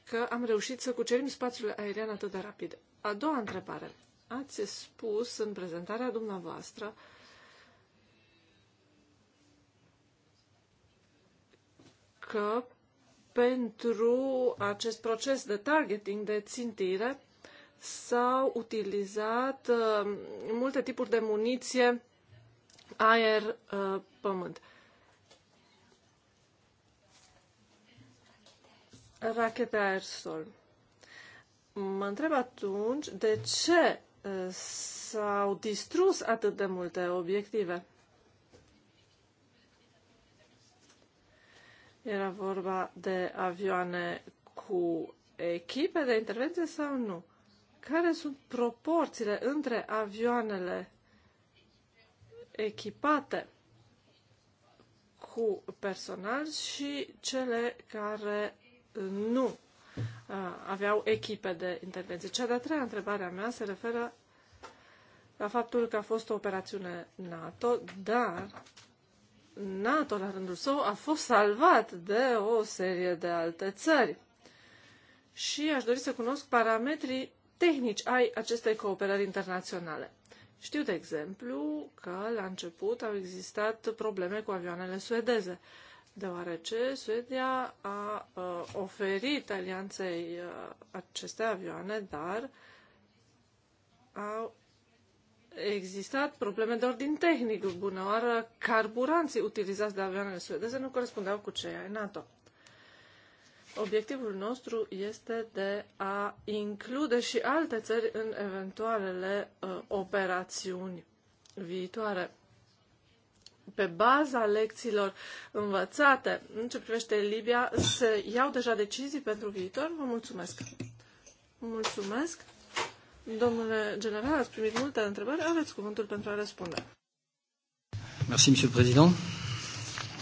că am reușit să cucerim spațiul aerian atât de rapid? A doua întrebare. Ați spus în prezentarea dumneavoastră că pentru acest proces de targeting, de țintire, s-au utilizat uh, multe tipuri de muniție aer-pământ. Uh, Rachete aer-sol. Mă întreb atunci de ce uh, s-au distrus atât de multe obiective. Era vorba de avioane cu echipe de intervenție sau nu? Care sunt proporțiile între avioanele echipate cu personal și cele care nu aveau echipe de intervenție. Cea de-a treia întrebare a mea se referă la faptul că a fost o operațiune NATO, dar NATO, la rândul său, a fost salvat de o serie de alte țări. Și aș dori să cunosc parametrii tehnici ai acestei cooperări internaționale. Știu, de exemplu, că la început au existat probleme cu avioanele suedeze, deoarece Suedia a uh, oferit alianței uh, aceste avioane, dar au existat probleme de ordin tehnic. Bună oară, carburanții utilizați de avioanele suedeze nu corespundeau cu cei ai NATO. Obiectivul nostru este de a include și alte țări în eventualele uh, operațiuni viitoare. Pe baza lecțiilor învățate în ce privește Libia, se iau deja decizii pentru viitor? Vă mulțumesc! Mulțumesc! Domnule general, ați primit multe întrebări. Aveți cuvântul pentru a răspunde. Merci, monsieur le président.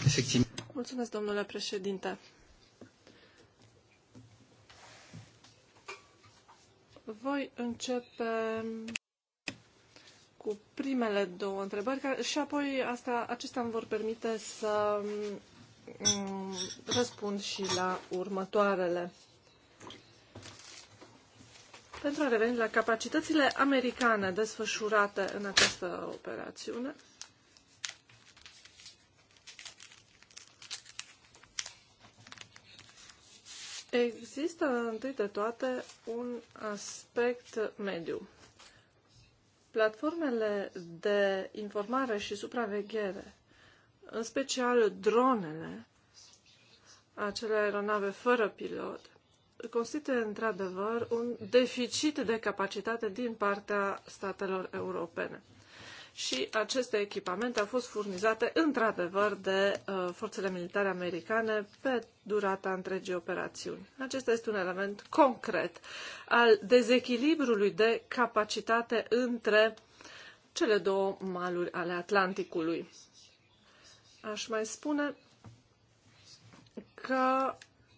Effectivement. Mulțumesc, domnule președinte. Voi începe cu primele două întrebări și apoi asta, acestea îmi vor permite să mm, răspund și la următoarele. Pentru a reveni la capacitățile americane desfășurate în această operațiune, Există, întâi de toate, un aspect mediu. Platformele de informare și supraveghere, în special dronele, acele aeronave fără pilot, constituie într-adevăr un deficit de capacitate din partea statelor europene. Și aceste echipamente au fost furnizate într-adevăr de uh, forțele militare americane pe durata întregii operațiuni. Acesta este un element concret al dezechilibrului de capacitate între cele două maluri ale Atlanticului. Aș mai spune că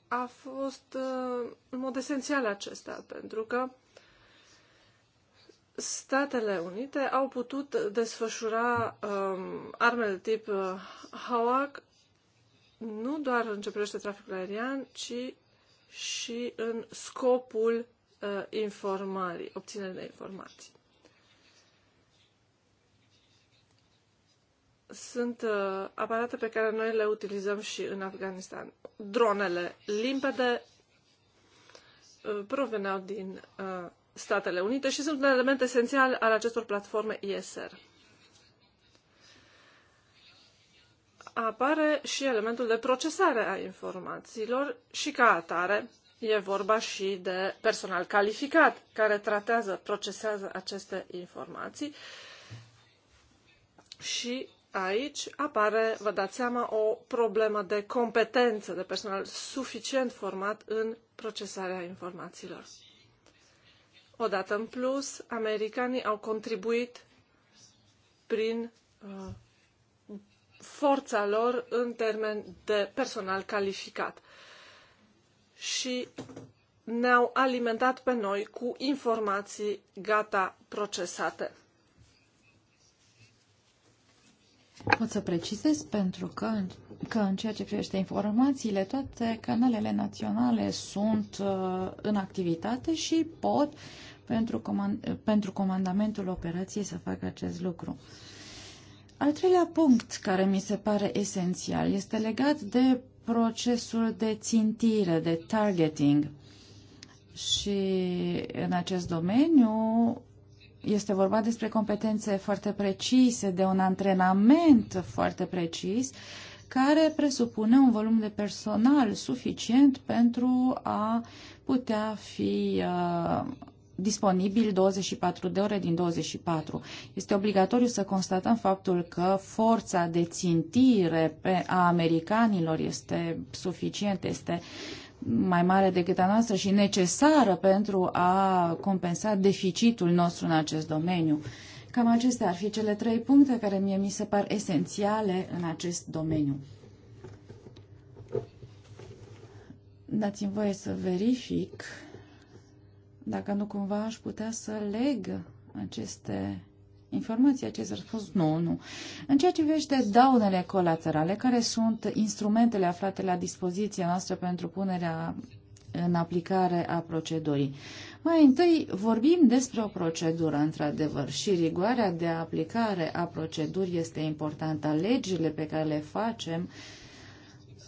a fost uh, în mod esențial acesta, pentru că Statele Unite au putut desfășura um, arme de tip uh, HAWAC nu doar în ce privește traficul aerian, ci și în scopul uh, informării, obținerii de informații. sunt uh, aparate pe care noi le utilizăm și în Afganistan. Dronele limpede uh, proveneau din uh, Statele Unite și sunt un element esențial al acestor platforme ISR. Apare și elementul de procesare a informațiilor și ca atare e vorba și de personal calificat care tratează, procesează aceste informații și aici apare, vă dați seama, o problemă de competență de personal suficient format în procesarea informațiilor. Odată în plus, americanii au contribuit prin uh, forța lor în termen de personal calificat și ne-au alimentat pe noi cu informații gata procesate. Pot să precizez pentru că, că în ceea ce privește informațiile, toate canalele naționale sunt uh, în activitate și pot pentru, comand- pentru comandamentul operației să facă acest lucru. Al treilea punct care mi se pare esențial este legat de procesul de țintire, de targeting. Și în acest domeniu este vorba despre competențe foarte precise, de un antrenament foarte precis, care presupune un volum de personal suficient pentru a putea fi uh, disponibil 24 de ore din 24. Este obligatoriu să constatăm faptul că forța de țintire a americanilor este suficient, este uh, mai mare decât a noastră și necesară pentru a compensa deficitul nostru în acest domeniu. Cam acestea ar fi cele trei puncte care mie mi se par esențiale în acest domeniu. Dați-mi voie să verific dacă nu cumva aș putea să leg aceste s-a spus? Nu, nu. În ceea ce privește daunele colaterale, care sunt instrumentele aflate la dispoziția noastră pentru punerea în aplicare a procedurii. Mai întâi vorbim despre o procedură, într-adevăr, și rigoarea de aplicare a procedurii este importantă. Legile pe care le facem uh,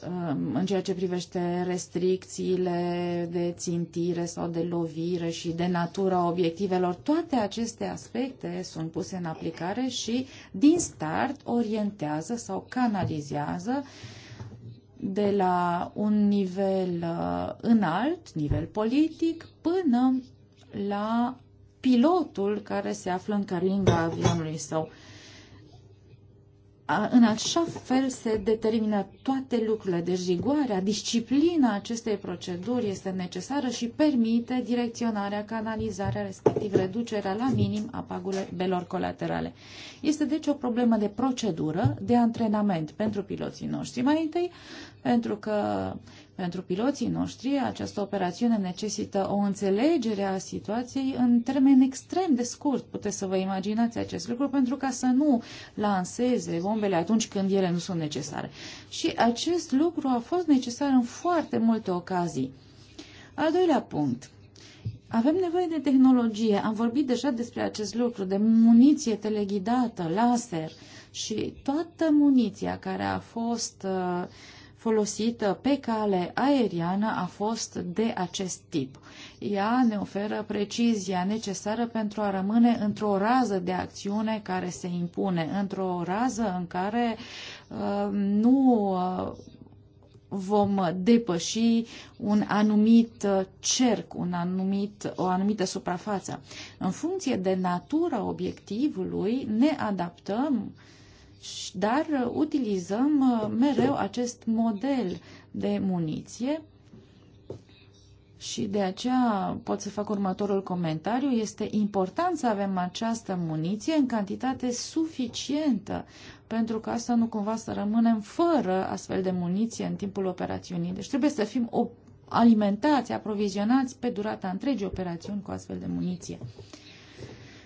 Um, în ceea ce privește restricțiile de țintire sau de lovire și de natura obiectivelor, toate aceste aspecte sunt puse în aplicare și din start orientează sau canalizează de la un nivel uh, înalt, nivel politic, până la pilotul care se află în căringa avionului său în așa fel se determină toate lucrurile. Deci rigoarea, disciplina acestei proceduri este necesară și permite direcționarea, canalizarea, respectiv reducerea la minim a pagubelor colaterale. Este deci o problemă de procedură, de antrenament pentru piloții noștri mai întâi, pentru că pentru piloții noștri această operațiune necesită o înțelegere a situației în termen extrem de scurt. Puteți să vă imaginați acest lucru pentru ca să nu lanseze bombele atunci când ele nu sunt necesare. Și acest lucru a fost necesar în foarte multe ocazii. Al doilea punct. Avem nevoie de tehnologie. Am vorbit deja despre acest lucru, de muniție teleghidată, laser și toată muniția care a fost uh, folosită pe cale aeriană a fost de acest tip. Ea ne oferă precizia necesară pentru a rămâne într-o rază de acțiune care se impune, într-o rază în care uh, nu uh, vom depăși un anumit uh, cerc, un anumit, o anumită suprafață. În funcție de natura obiectivului, ne adaptăm uh, dar utilizăm uh, mereu acest model de muniție și de aceea pot să fac următorul comentariu. Este important să avem această muniție în cantitate suficientă pentru ca să nu cumva să rămânem fără astfel de muniție în timpul operațiunii. Deci trebuie să fim alimentați, aprovizionați pe durata întregii operațiuni cu astfel de muniție.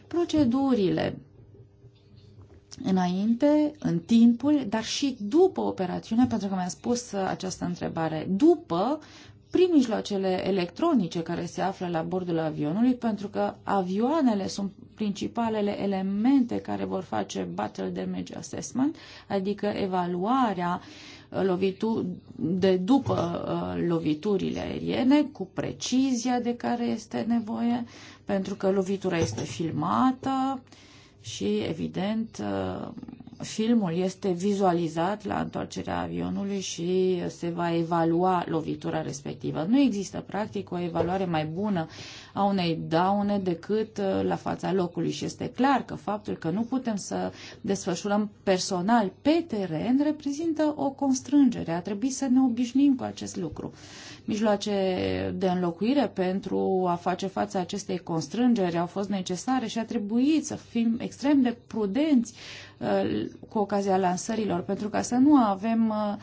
Procedurile înainte, în timpul, dar și după operațiune, pentru că mi-a spus uh, această întrebare, după, prin mijloacele electronice care se află la bordul avionului, pentru că avioanele sunt principalele elemente care vor face Battle Damage Assessment, adică evaluarea uh, lovitu- de după uh, loviturile aeriene cu precizia de care este nevoie, pentru că lovitura este filmată, uh, și, evident, uh, filmul este vizualizat la întoarcerea avionului și se va evalua lovitura respectivă. Nu există, practic, o evaluare mai bună a unei daune decât uh, la fața locului și este clar că faptul că nu putem să desfășurăm personal pe teren reprezintă o constrângere. A trebuit să ne obișnim cu acest lucru. Mijloace de înlocuire pentru a face față acestei constrângeri au fost necesare și a trebuit să fim extrem de prudenți uh, cu ocazia lansărilor, pentru ca să nu avem uh,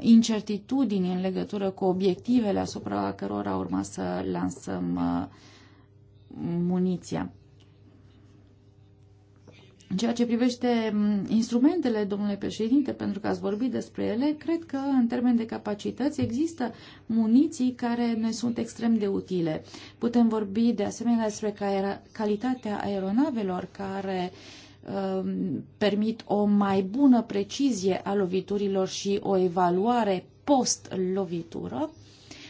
incertitudini în legătură cu obiectivele asupra cărora urma să lansăm uh, muniția. În ceea ce privește instrumentele, domnule președinte, pentru că ați vorbit despre ele, cred că în termen de capacități există muniții care ne sunt extrem de utile. Putem vorbi de asemenea despre calitatea aeronavelor care um, permit o mai bună precizie a loviturilor și o evaluare post-lovitură.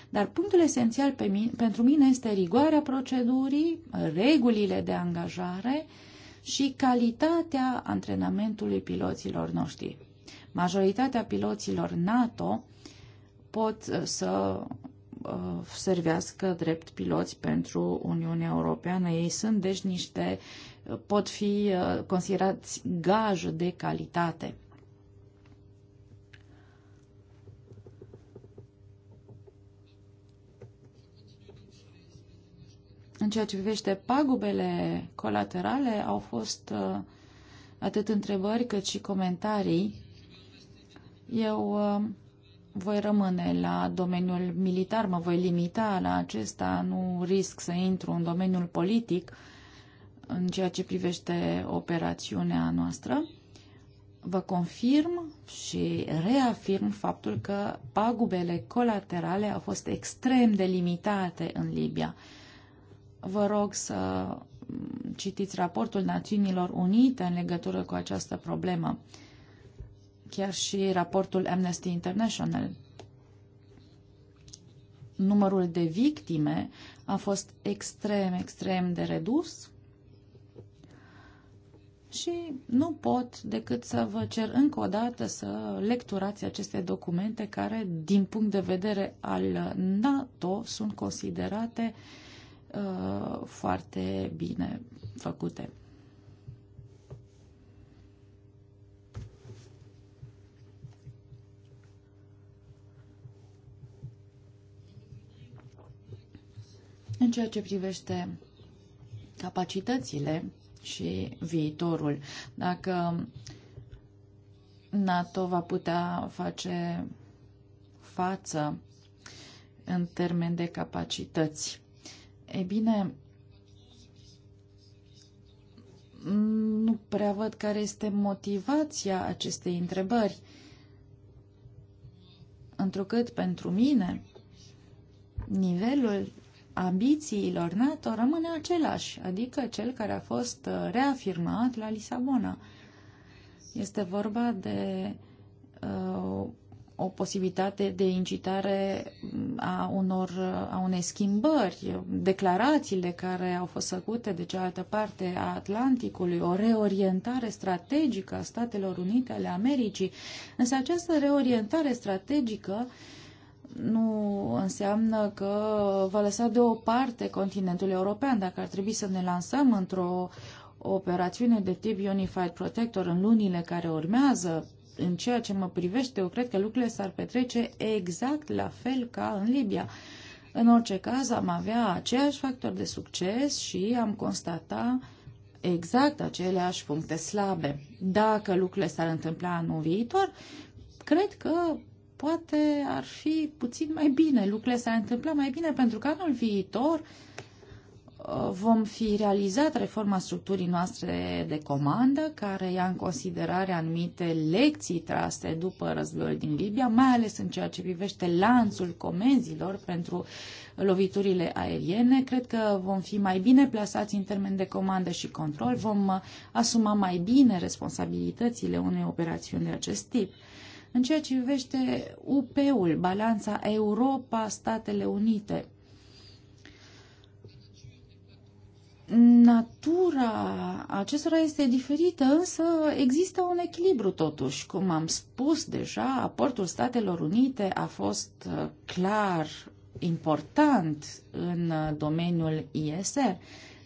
Dar punctul esențial pe mine, pentru mine este rigoarea procedurii, regulile de angajare, uh, și calitatea antrenamentului piloților noștri. Majoritatea piloților NATO pot uh, să uh, servească drept piloți pentru Uniunea Europeană. Ei sunt, deci, niște, uh, pot fi considerați gaj de calitate. În ceea ce privește pagubele colaterale, au fost uh, atât întrebări cât și comentarii. Eu uh, voi rămâne la domeniul militar, mă voi limita la acesta, nu risc să intru în domeniul politic în ceea ce privește operațiunea noastră. Vă confirm și reafirm faptul că pagubele colaterale au fost extrem de limitate în Libia. Vă rog să mm, citiți raportul Națiunilor Unite în legătură cu această problemă, chiar și raportul Amnesty International. Numărul de victime a fost extrem, extrem de redus și nu pot decât să vă cer încă o dată să lecturați aceste documente care, din punct de vedere al NATO, sunt considerate uh, Uh, foarte bine făcute. În ceea ce privește capacitățile și viitorul, dacă NATO va putea face față în termen de capacități E bine, nu prea văd care este motivația acestei întrebări. Întrucât pentru mine, nivelul ambițiilor NATO rămâne același, adică cel care a fost uh, reafirmat la Lisabona. Este vorba de uh, o posibilitate de incitare a, unor, a unei schimbări, declarațiile care au fost făcute de cealaltă parte a Atlanticului, o reorientare strategică a Statelor Unite ale Americii. Însă această reorientare strategică nu înseamnă că va lăsa deoparte continentul european. Dacă ar trebui să ne lansăm într-o operațiune de tip Unified Protector în lunile care urmează, în ceea ce mă privește, eu cred că lucrurile s-ar petrece exact la fel ca în Libia. În orice caz, am avea aceeași factor de succes și am constata exact aceleași puncte slabe. Dacă lucrurile s-ar întâmpla anul viitor, cred că poate ar fi puțin mai bine, lucrurile s-ar întâmpla mai bine, pentru că anul viitor uh, vom fi realizat reforma structurii noastre de comandă, care ia în considerare anumite lecții trase după războiul din Libia, mai ales în ceea ce privește lanțul comenzilor pentru loviturile aeriene. Cred că vom fi mai bine plasați în termen de comandă și control, vom uh, asuma mai bine responsabilitățile unei operațiuni de acest tip. În ceea ce privește UP-ul, balanța Europa-Statele Unite, Natura acestora este diferită, însă există un echilibru totuși. Cum am spus deja, aportul Statelor Unite a fost uh, clar important în uh, domeniul ISR.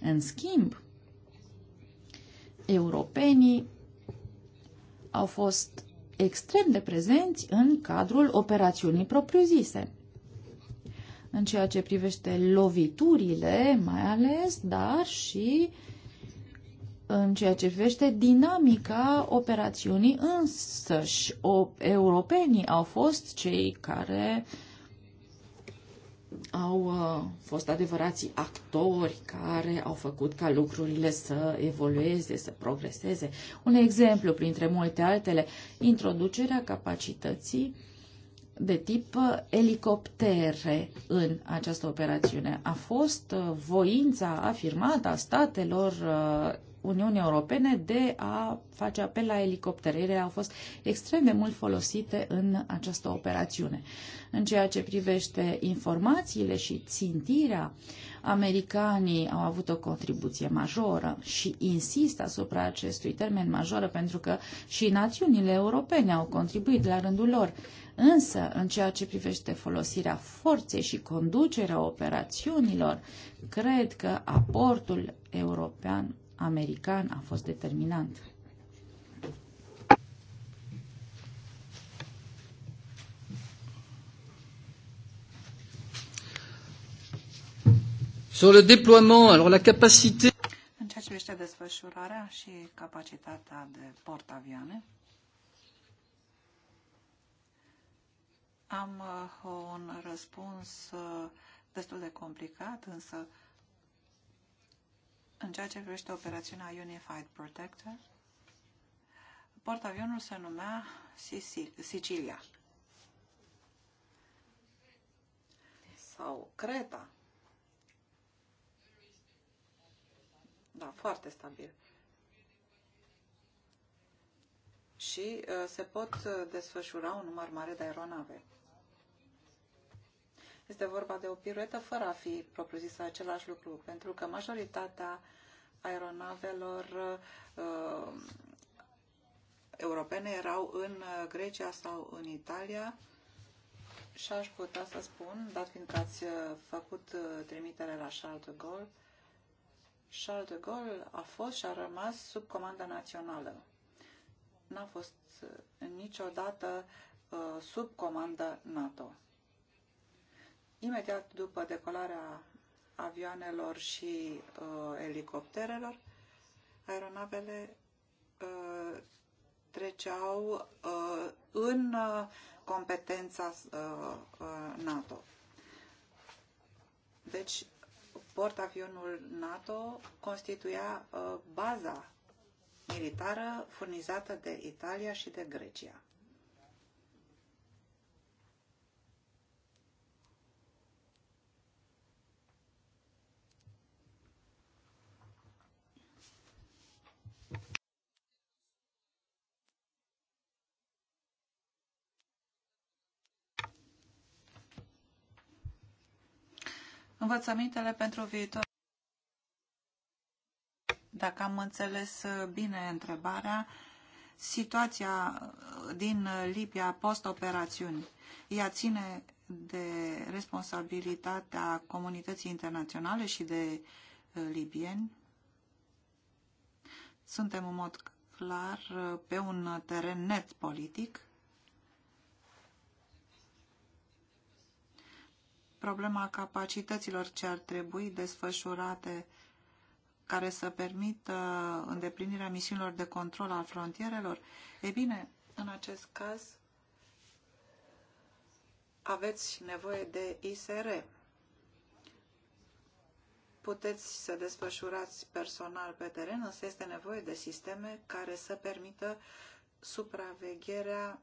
În schimb, europenii au fost extrem de prezenți în cadrul operațiunii propriu-zise în ceea ce privește loviturile, mai ales, dar și în ceea ce privește dinamica operațiunii însăși. O, europenii au fost cei care au uh, fost adevărații actori care au făcut ca lucrurile să evolueze, să progreseze. Un exemplu, printre multe altele, introducerea capacității uh, de tip uh, elicoptere în această operațiune. A fost uh, voința afirmată a statelor uh, Uniunii Europene de a face apel la elicoptere. Ele au fost extrem de mult folosite în această operațiune. În ceea ce privește informațiile și țintirea, americanii au avut o contribuție majoră și insist asupra acestui termen majoră pentru că și națiunile europene au contribuit la rândul lor Însă, în ceea ce privește folosirea forței și conducerea operațiunilor, cred că aportul european-american a fost determinant. Sur le déploiement, alors la capacité. În ceea ce privește desfășurarea și capacitatea de portavioane, Am uh, un răspuns uh, destul de complicat, însă în ceea ce privește operațiunea Unified Protector, portavionul se numea Sicilia. Sau Creta. Da, foarte stabil. Și uh, se pot uh, desfășura un număr mare de aeronave. Este vorba de o piruetă fără a fi propriu zis același lucru, pentru că majoritatea aeronavelor uh, europene erau în Grecia sau în Italia și aș putea să spun, dat fiindcă ați uh, făcut uh, trimitere la Charles de Gaulle, Charles de Gaulle a fost și a rămas sub comanda națională. N-a fost uh, niciodată uh, sub comanda NATO. Imediat după decolarea avioanelor și uh, elicopterelor, aeronavele uh, treceau uh, în uh, competența uh, uh, NATO. Deci, portavionul NATO constituia uh, baza militară furnizată de Italia și de Grecia. învățămintele pentru viitor. Dacă am înțeles uh, bine întrebarea, situația uh, din uh, Libia post-operațiuni, ea ține de responsabilitatea comunității internaționale și de libieni. Suntem în mod clar pe un teren net politic problema capacităților ce ar trebui desfășurate care să permită îndeplinirea misiunilor de control al frontierelor? E bine, în acest caz aveți nevoie de ISR. Puteți să desfășurați personal pe teren, însă este nevoie de sisteme care să permită supravegherea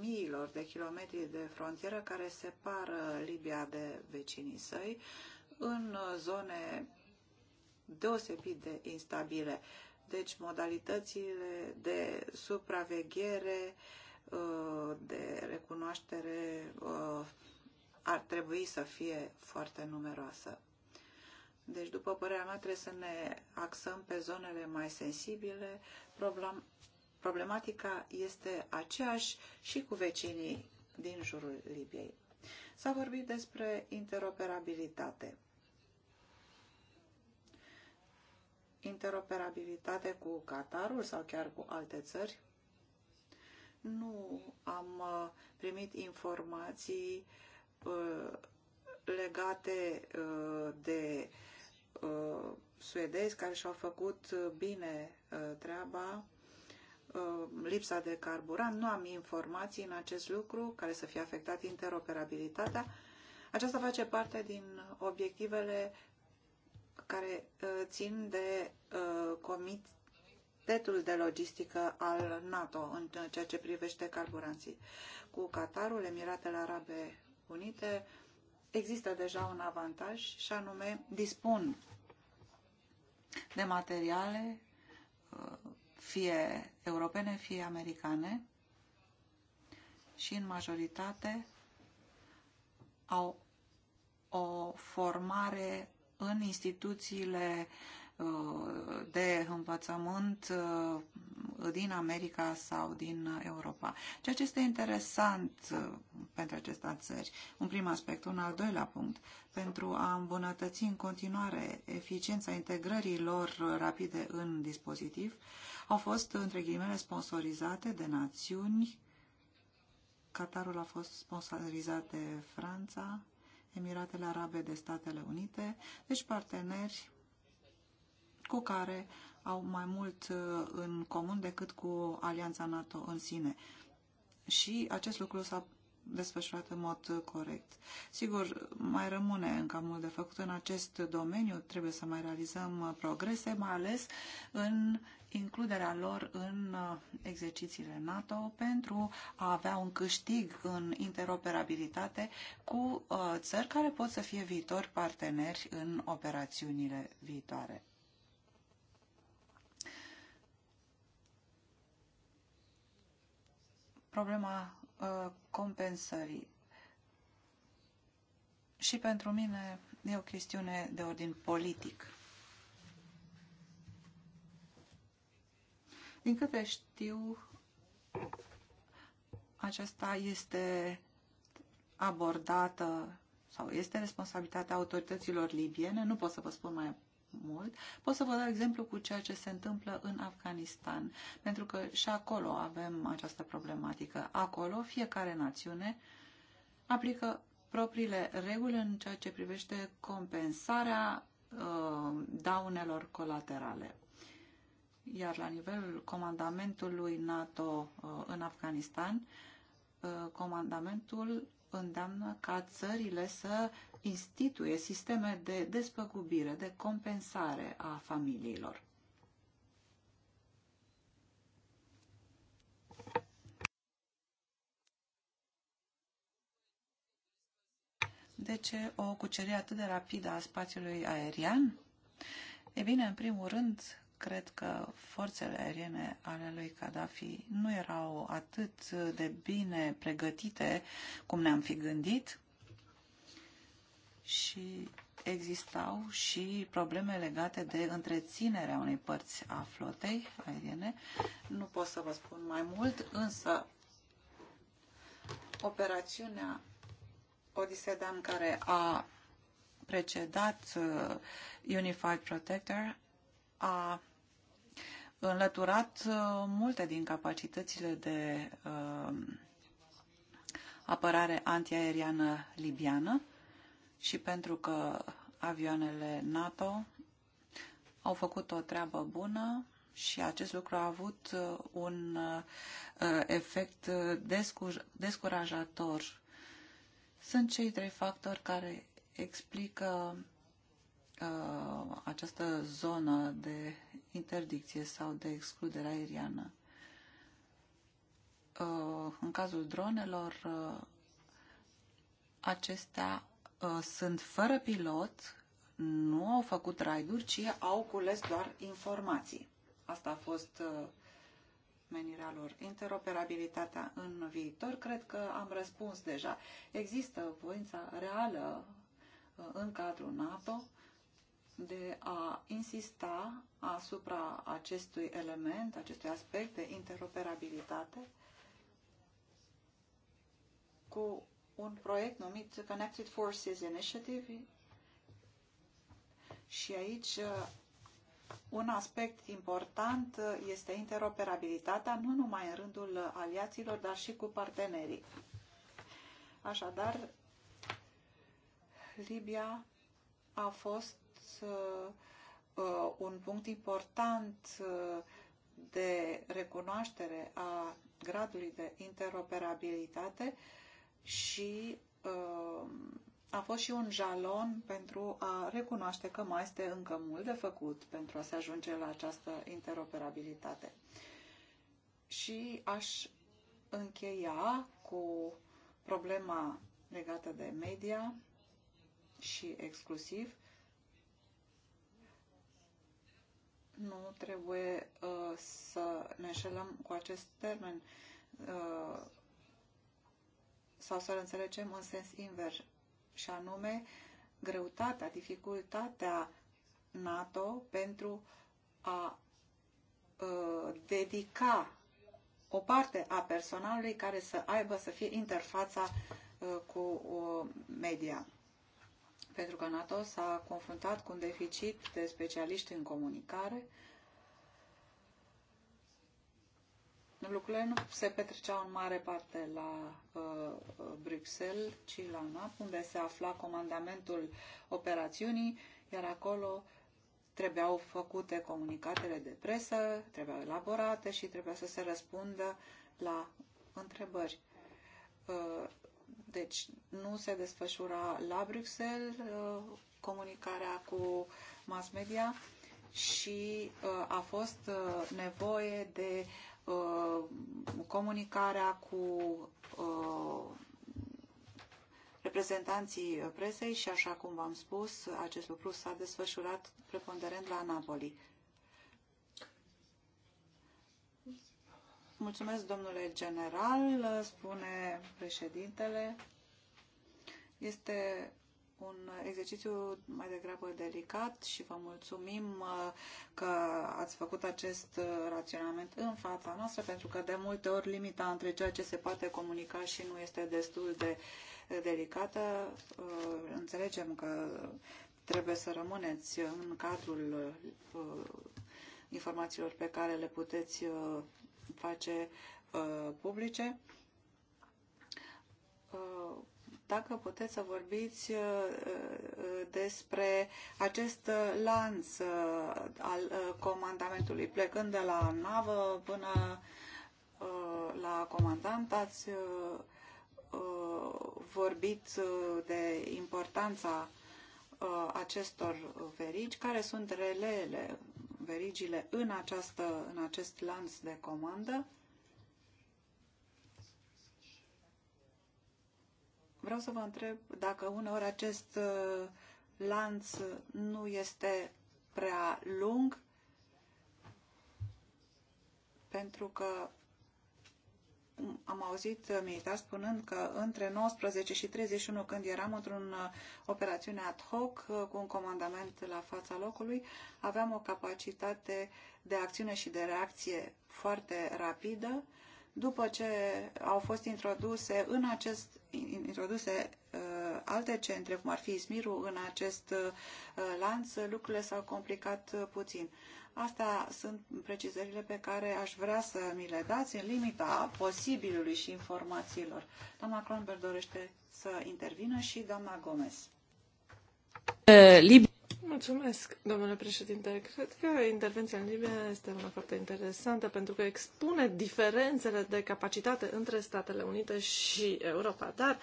miilor de kilometri de frontieră care separă Libia de vecinii săi în uh, zone deosebit de instabile. Deci modalitățile de supraveghere, uh, de recunoaștere uh, ar trebui să fie foarte numeroasă. Deci, după părerea mea, trebuie să ne axăm pe zonele mai sensibile, problematica este aceeași și cu vecinii din jurul Libiei. S-a vorbit despre interoperabilitate. Interoperabilitate cu Qatarul sau chiar cu alte țări? Nu am uh, primit informații uh, legate uh, de suedezi care și-au făcut bine treaba Uh, lipsa de carburant. Nu am informații în acest lucru care să fie afectat interoperabilitatea. Aceasta face parte din obiectivele care uh, țin de uh, Comitetul de Logistică al NATO în ceea ce privește carburanții. Cu Qatarul, Emiratele Arabe Unite, există deja un avantaj și anume dispun de materiale fie europene, fie americane și în majoritate au o formare în instituțiile uh, de învățământ uh, din America sau din Europa. Ceea ce este interesant uh, pentru aceste țări, un prim aspect, un al doilea punct, pentru a îmbunătăți în continuare eficiența integrării lor rapide în dispozitiv, au fost, între ghilimele, sponsorizate de națiuni. Qatarul a fost sponsorizat de Franța, Emiratele Arabe de Statele Unite, deci parteneri cu care au mai mult uh, în comun decât cu alianța NATO în sine. Și acest lucru s-a desfășurat în mod uh, corect. Sigur, mai rămâne încă mult de făcut în acest domeniu, trebuie să mai realizăm uh, progrese, mai ales în includerea lor în exercițiile NATO pentru a avea un câștig în interoperabilitate cu țări care pot să fie viitori parteneri în operațiunile viitoare. problema uh, compensării. Și pentru mine e o chestiune de ordin politic. Din câte știu, aceasta este abordată sau este responsabilitatea autorităților libiene, nu pot să vă spun mai mult. Pot să vă dau exemplu cu ceea ce se întâmplă în Afganistan, pentru că și acolo avem această problematică. Acolo fiecare națiune aplică propriile reguli în ceea ce privește compensarea uh, daunelor colaterale. Iar la nivelul comandamentului NATO uh, în Afganistan, uh, comandamentul îndeamnă ca țările să instituie sisteme de despăgubire, de compensare a familiilor. De ce o cucerire atât de rapidă a spațiului aerian? E bine, în primul rând, cred că forțele aeriene ale lui Gaddafi nu erau atât de bine pregătite cum ne-am fi gândit și existau și probleme legate de întreținerea unei părți a flotei aeriene. Nu pot să vă spun mai mult, însă operațiunea Odisedan care a precedat uh, Unified Protector a înlăturat uh, multe din capacitățile de uh, apărare antiaeriană libiană și pentru că avioanele NATO au făcut o treabă bună și acest lucru a avut uh, un uh, efect uh, descurajator. Sunt cei trei factori care explică uh, această zonă de interdicție sau de excludere aeriană. Uh, în cazul dronelor, uh, acestea Uh, sunt fără pilot, nu au făcut raiduri, ci au cules doar informații. Asta a fost uh, menirea lor. Interoperabilitatea în viitor, cred că am răspuns deja. Există voința reală uh, în cadrul NATO de a insista asupra acestui element, acestui aspect de interoperabilitate cu un proiect numit Connected Forces Initiative și aici uh, un aspect important uh, este interoperabilitatea, nu numai în rândul aliaților, dar și cu partenerii. Așadar, Libia a fost uh, uh un punct important de recunoaștere a gradului de interoperabilitate uh, și uh, a fost și un jalon pentru a recunoaște că mai este încă mult de făcut pentru a se ajunge la această interoperabilitate. Și aș încheia cu problema legată de media și exclusiv. Nu trebuie uh, să ne înșelăm cu acest termen. Uh, sau să-l înțelegem în sens invers, și anume greutatea, dificultatea NATO pentru a uh, dedica o parte a personalului care să aibă să fie interfața uh, cu uh, media. Pentru că NATO s-a confruntat cu un deficit de specialiști în comunicare uh, Lucrurile nu se petreceau în mare parte la uh, uh, Bruxelles, ci la NAP, unde se afla comandamentul operațiunii, iar acolo trebuiau făcute comunicatele de presă, trebuiau elaborate și trebuia să se răspundă la întrebări. Uh, deci nu se desfășura la Bruxelles uh, comunicarea cu mass media și uh, a fost uh, nevoie de Uh, comunicarea cu uh, reprezentanții presei și, așa cum v-am spus, acest lucru s-a desfășurat preponderent la Napoli. Mulțumesc, domnule general, spune președintele. Este un exercițiu mai degrabă delicat și vă mulțumim uh, că ați făcut acest uh, raționament în fața noastră, pentru că de multe ori limita între ceea ce se poate comunica și nu este destul de uh, delicată. Înțelegem că trebuie să rămâneți în cadrul informațiilor pe care le puteți face publice dacă puteți să vorbiți uh, uh, despre acest uh, lanț al comandamentului, plecând de la navă până la comandant, ați vorbit de importanța acestor verigi, care sunt relele, verigile în, această, în acest lanț de comandă. Vreau să vă întreb dacă uneori acest uh, lanț nu este prea lung, pentru că am auzit militar spunând că între 19 și 31, când eram într-un uh, operațiune ad hoc uh, cu un comandament la fața locului, aveam o capacitate de acțiune și de reacție foarte rapidă după ce au fost introduse în acest introduse uh, alte centre, cum ar fi Izmirul, în acest uh, lanț, lucrurile s-au complicat uh, puțin. Astea sunt precizările pe care aș vrea să mi le dați în limita posibilului și informațiilor. Doamna Cronberg dorește să intervină și doamna Gomez. Uh, Mulțumesc, domnule președinte. Cred că intervenția în Libia este una foarte interesantă pentru că expune diferențele de capacitate între Statele Unite și Europa, dar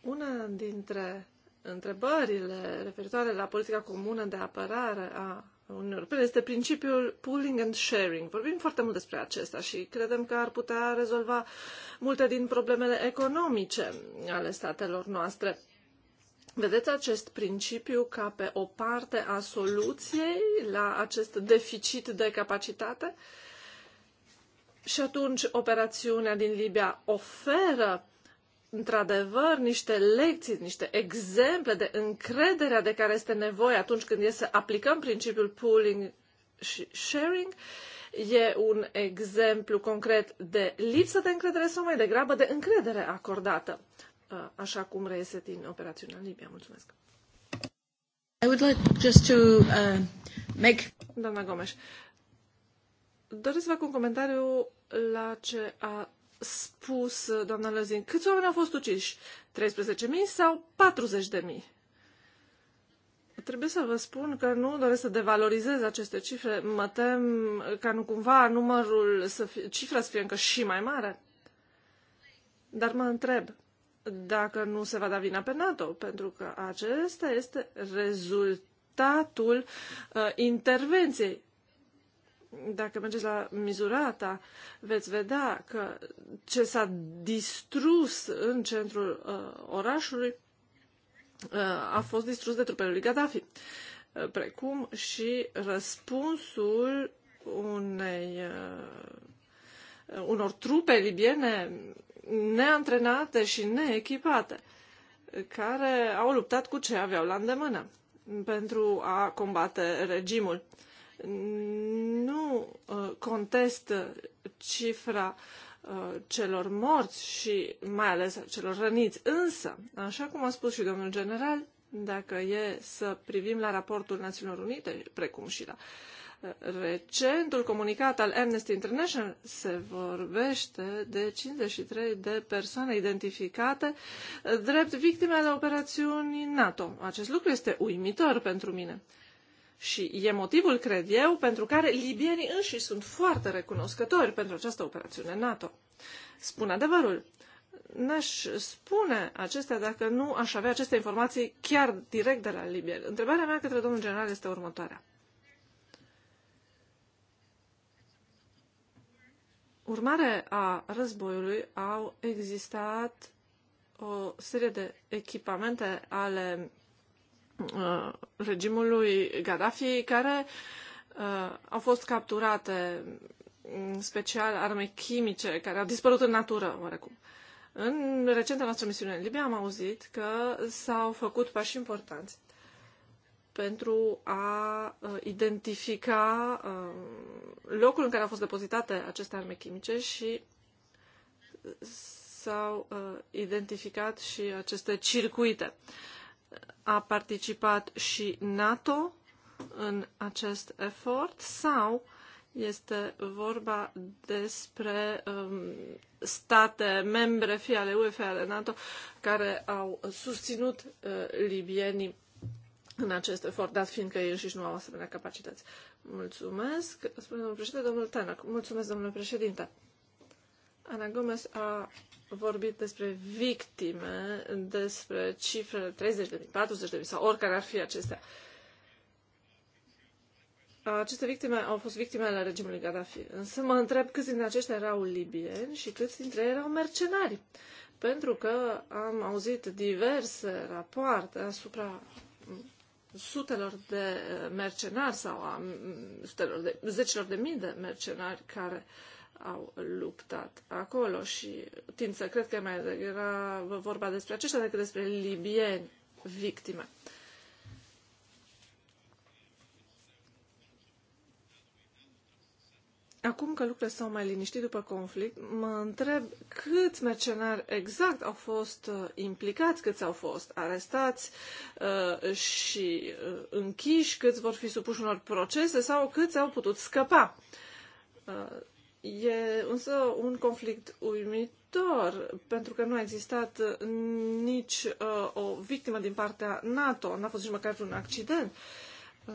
una dintre întrebările referitoare la politica comună de apărare a Uniunii Europene este principiul pooling and sharing. Vorbim foarte mult despre acesta și credem că ar putea rezolva multe din problemele economice ale statelor noastre Vedeți acest principiu ca pe o parte a soluției la acest deficit de capacitate? Și atunci operațiunea din Libia oferă într-adevăr niște lecții, niște exemple de încrederea de care este nevoie atunci când e să aplicăm principiul pooling și sharing. E un exemplu concret de lipsă de încredere sau mai degrabă de încredere acordată așa cum reiese din operațiunea în Libia. Mulțumesc. I would like just to uh, make... Doamna Gomes, doresc să fac un comentariu la ce a spus doamna Lăzin. Câți oameni au fost uciși? 13.000 sau 40.000? Trebuie să vă spun că nu doresc să devalorizez aceste cifre. Mă tem ca nu cumva numărul, să fie, cifra să fie încă și mai mare. Dar mă întreb, dacă nu se va da vina pe NATO, pentru că acesta este rezultatul uh, intervenției. Dacă mergeți la Mizurata, veți vedea că ce s-a distrus în centrul uh, orașului uh, a fost distrus de trupele lui Gaddafi, uh, precum și răspunsul unei, uh, unor trupe libiene neantrenate și neechipate, care au luptat cu ce aveau la îndemână pentru a combate regimul. Nu uh, contest cifra uh, celor morți și mai ales celor răniți, însă, așa cum a spus și domnul general, dacă e să privim la raportul Națiunilor Unite, precum și la uh, recentul comunicat al Amnesty International se vorbește de 53 de persoane identificate drept victime ale operațiunii NATO. Acest lucru este uimitor pentru mine. Și e motivul, cred eu, pentru care libienii înși sunt foarte recunoscători pentru această operațiune NATO. Spun adevărul. N-aș spune acestea dacă nu aș avea aceste informații chiar direct de la libieni. Întrebarea mea către domnul general este următoarea. urmare a războiului au existat o serie de echipamente ale uh, regimului Gaddafi care uh, au fost capturate, în special arme chimice care au dispărut în natură, oarecum. În recenta noastră misiune în Libia am auzit că s-au făcut pași importanți pentru a uh, identifica uh, locul în care au fost depozitate aceste arme chimice și s-au uh, identificat și aceste circuite. A participat și NATO în acest efort sau este vorba despre um, state membre, fie ale UE, fie ale NATO, care au susținut uh, libienii în acest efort, dat fiindcă ei și nu au asemenea capacități. Mulțumesc, spune domnul președinte, domnul Tanac. Mulțumesc, domnule președinte. Ana Gomez a vorbit despre victime, despre cifrele 30 de mii, 40 de mii sau oricare ar fi acestea. Aceste victime au fost victime ale regimului Gaddafi. Însă mă întreb câți dintre aceștia erau libieni și câți dintre ei erau mercenari. Pentru că am auzit diverse rapoarte asupra sutelor de eh, mercenari sau a sutelor de, zecilor de mii de mercenari care au luptat acolo și tind să cred că mai degrabă vorba despre aceștia decât despre libieni victime. Uh, Acum că lucrurile s-au mai liniștit după conflict, mă întreb câți mercenari exact au fost uh, implicați, câți au fost arestați uh, și uh, închiși, câți vor fi supuși unor procese sau câți au putut scăpa. Uh, E însă un conflict uimitor, pentru că nu a existat uh, nici uh, o victimă din partea NATO, n-a fost nici măcar un accident. Uh,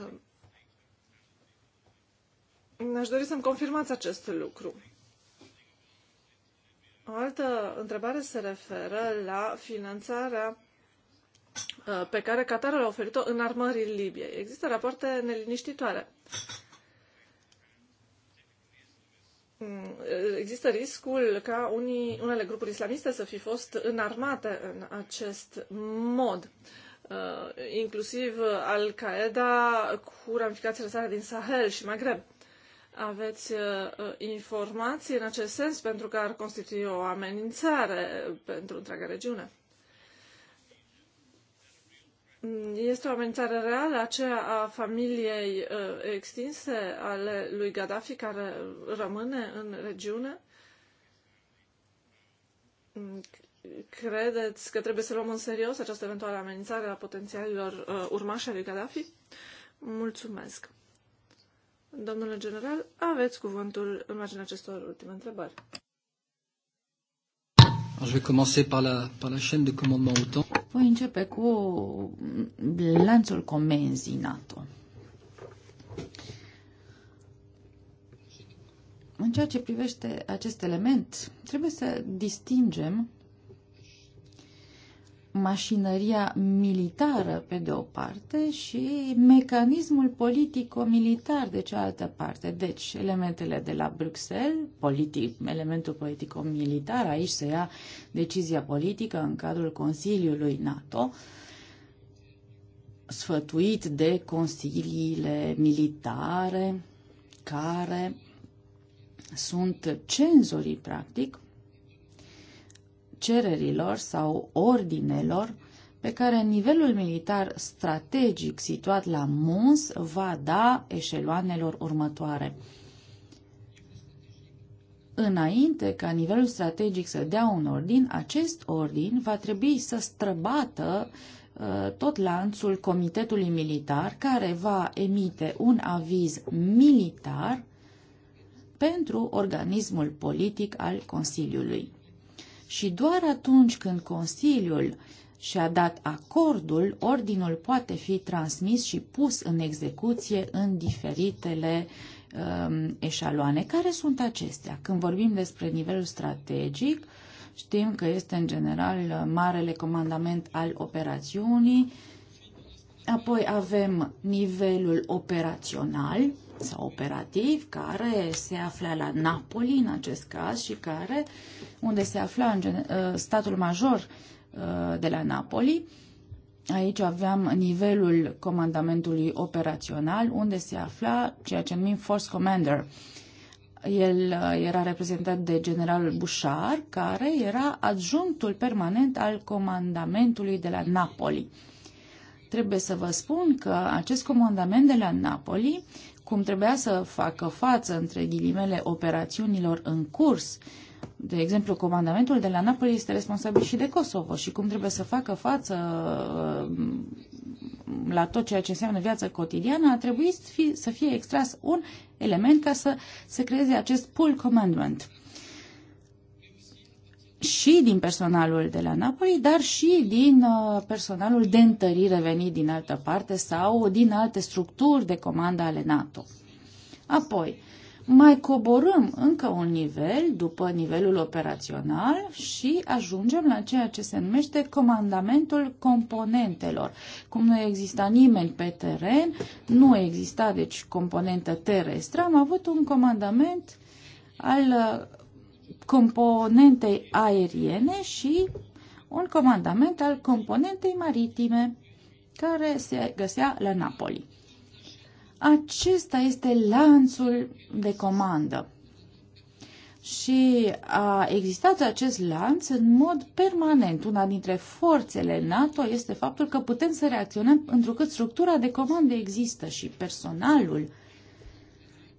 Aș dori să-mi confirmați acest lucru. O altă întrebare se referă la finanțarea uh, pe care Qatarul a oferit-o în armării Libiei. Există rapoarte neliniștitoare. Mm, există riscul ca unii, unele grupuri islamiste să fi fost înarmate în acest mod, uh, inclusiv Al-Qaeda cu ramificațiile sale din Sahel și Maghreb. Aveți uh, uh, informații în acest sens pentru că ar constitui o amenințare uh, pentru întreaga regiune? Este o amenințare reală aceea a familiei extinse ale lui Gaddafi care rămâne în regiune? Credeți că trebuie să luăm în serios această eventuală amenințare a potențialilor uh, urmași ai lui Gaddafi? Mulțumesc. Domnule general, aveți cuvântul în marginea acestor ultime întrebări. Je vais commencer par la, par la chaîne de commandement OTAN. Voi începe cu lanțul comenzii NATO. În ceea ce privește acest element, trebuie să distingem mașinăria militară pe de o parte și mecanismul politico-militar de cealaltă parte. Deci, elementele de la Bruxelles, politic, elementul politico-militar, aici se ia decizia politică în cadrul Consiliului NATO, sfătuit de consiliile militare care sunt cenzorii, practic, cererilor sau ordinelor pe care nivelul militar strategic situat la Mons va da eșeloanelor următoare. Înainte ca nivelul strategic să dea un ordin, acest ordin va trebui să străbată uh, tot lanțul comitetului militar care va emite un aviz militar pentru organismul politic al Consiliului și doar atunci când Consiliul și-a dat acordul, ordinul poate fi transmis și pus în execuție în diferitele um, eșaloane. Care sunt acestea? Când vorbim despre nivelul strategic, știm că este în general marele comandament al operațiunii, uh, Apoi avem nivelul operațional sau operativ, care se afla la Napoli în acest caz și care, unde se afla în ă, statul major ă, de la Napoli. Aici aveam nivelul comandamentului operațional, unde se afla ceea ce numim Force Commander. El ă, era reprezentat de generalul Bouchard, care era adjunctul permanent al comandamentului de la Napoli. Trebuie să vă spun că acest comandament de la Napoli, cum trebuia să facă față, între ghilimele, operațiunilor în curs, de exemplu, comandamentul de la Napoli este responsabil și de Kosovo și cum trebuie să facă față uh, la tot ceea ce înseamnă viața cotidiană, a trebuit să fie extras un element ca să se creeze acest pull commandment și din personalul de la Napoli, dar și din uh, personalul de întărire venit din altă parte sau din alte structuri de comandă ale NATO. Apoi, mai coborâm încă un nivel după nivelul operațional și ajungem la ceea ce se numește comandamentul componentelor. Cum nu exista nimeni pe teren, nu exista deci componentă terestră, am avut un comandament al componentei aeriene și un comandament al componentei maritime care se găsea la Napoli. Acesta este lanțul de comandă. Și a existat acest lanț în mod permanent. Una dintre forțele NATO este faptul că putem să reacționăm întrucât structura de comandă există și personalul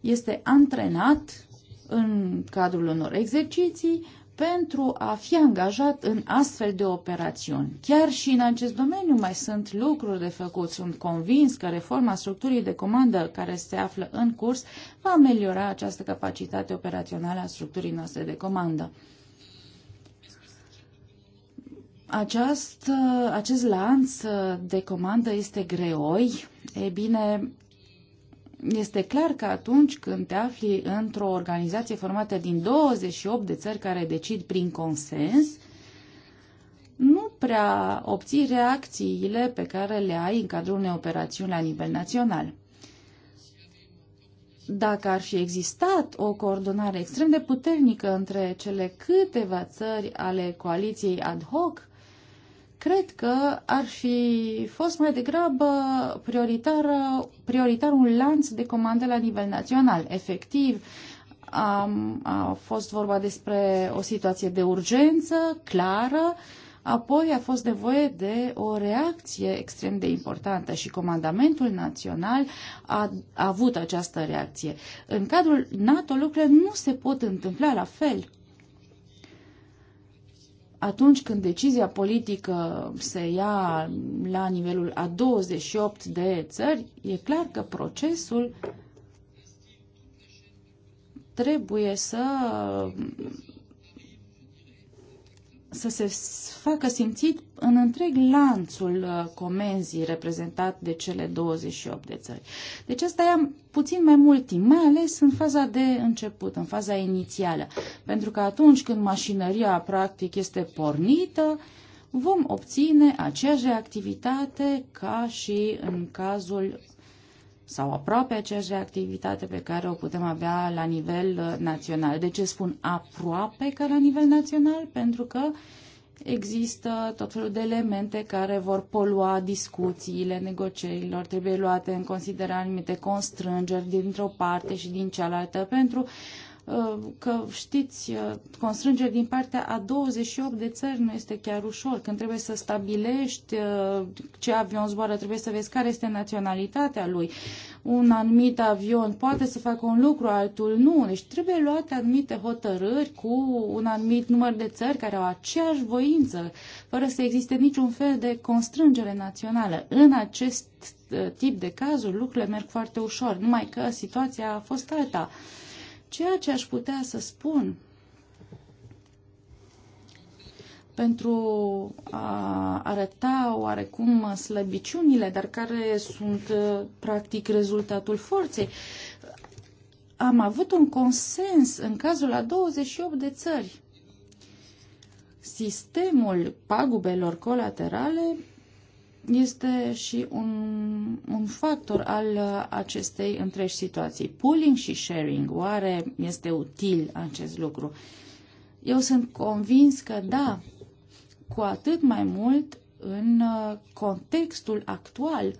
este antrenat în cadrul unor exerciții pentru a fi angajat în astfel de operațiuni. Chiar și în acest domeniu mai sunt lucruri de făcut. Sunt convins că reforma structurii de comandă care se află în curs va ameliora această capacitate operațională a structurii noastre de comandă. Aceast, acest lanț de comandă este greoi. E bine, este clar că atunci când te afli într-o organizație formată din 28 de țări care decid prin consens, nu prea obții reacțiile pe care le ai în cadrul unei operațiuni la nivel național. Dacă ar fi existat o coordonare extrem de puternică între cele câteva țări ale coaliției ad hoc, Cred că ar fi fost mai degrabă prioritar, prioritar un lanț de comandă la nivel național. Efectiv, a, a fost vorba despre o situație de urgență clară, apoi a fost nevoie de o reacție extrem de importantă și comandamentul național a, a avut această reacție. În cadrul NATO lucrurile nu se pot întâmpla la fel atunci când decizia politică se ia la nivelul a 28 de țări, e clar că procesul trebuie să să se facă simțit în întreg lanțul uh, comenzii reprezentat de cele 28 de țări. Deci asta ia puțin mai mult timp, mai ales în faza de început, în faza inițială, pentru că atunci când mașinăria practic este pornită, vom obține aceeași reactivitate ca și în cazul sau aproape aceeași reactivitate pe care o putem avea la nivel uh, național. De ce spun aproape că la nivel național? Pentru că există tot felul de elemente care vor polua discuțiile, negocierilor, trebuie luate în considerare anumite constrângeri dintr-o parte și din cealaltă pentru Uh, că știți, uh, constrângeri din partea a 28 de țări nu este chiar ușor. Când trebuie să stabilești uh, ce avion zboară, trebuie să vezi care este naționalitatea lui. Un anumit avion poate să facă un lucru, altul nu. Deci trebuie luate anumite hotărâri cu un anumit număr de țări care au aceeași voință, fără să existe niciun fel de constrângere națională. În acest tip de cazuri lucrurile merg foarte ușor, numai că situația a fost alta. Ceea ce aș putea să spun pentru a arăta oarecum slăbiciunile, dar care sunt uh, practic rezultatul forței. Am avut un consens în cazul a 28 de țări. Sistemul pagubelor colaterale este și un, un factor al acestei întregi situații. Pooling și sharing, oare este util acest lucru? Eu sunt convins că da, cu atât mai mult în uh, contextul actual.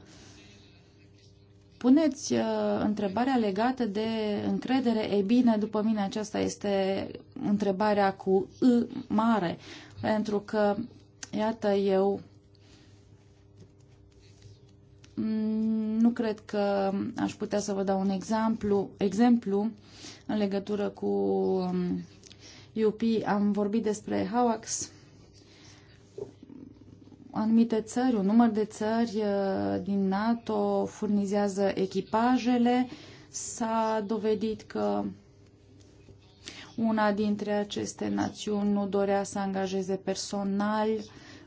Puneți uh, întrebarea legată de încredere. E bine, după mine aceasta este întrebarea cu I mare, pentru că, iată, eu Mm, nu cred că aș putea să vă dau un exemplu, exemplu în legătură cu UP. Um, Am vorbit despre HAWAX. Anumite țări, un număr de țări uh, din NATO furnizează echipajele. S-a dovedit că una dintre aceste națiuni nu dorea să angajeze personal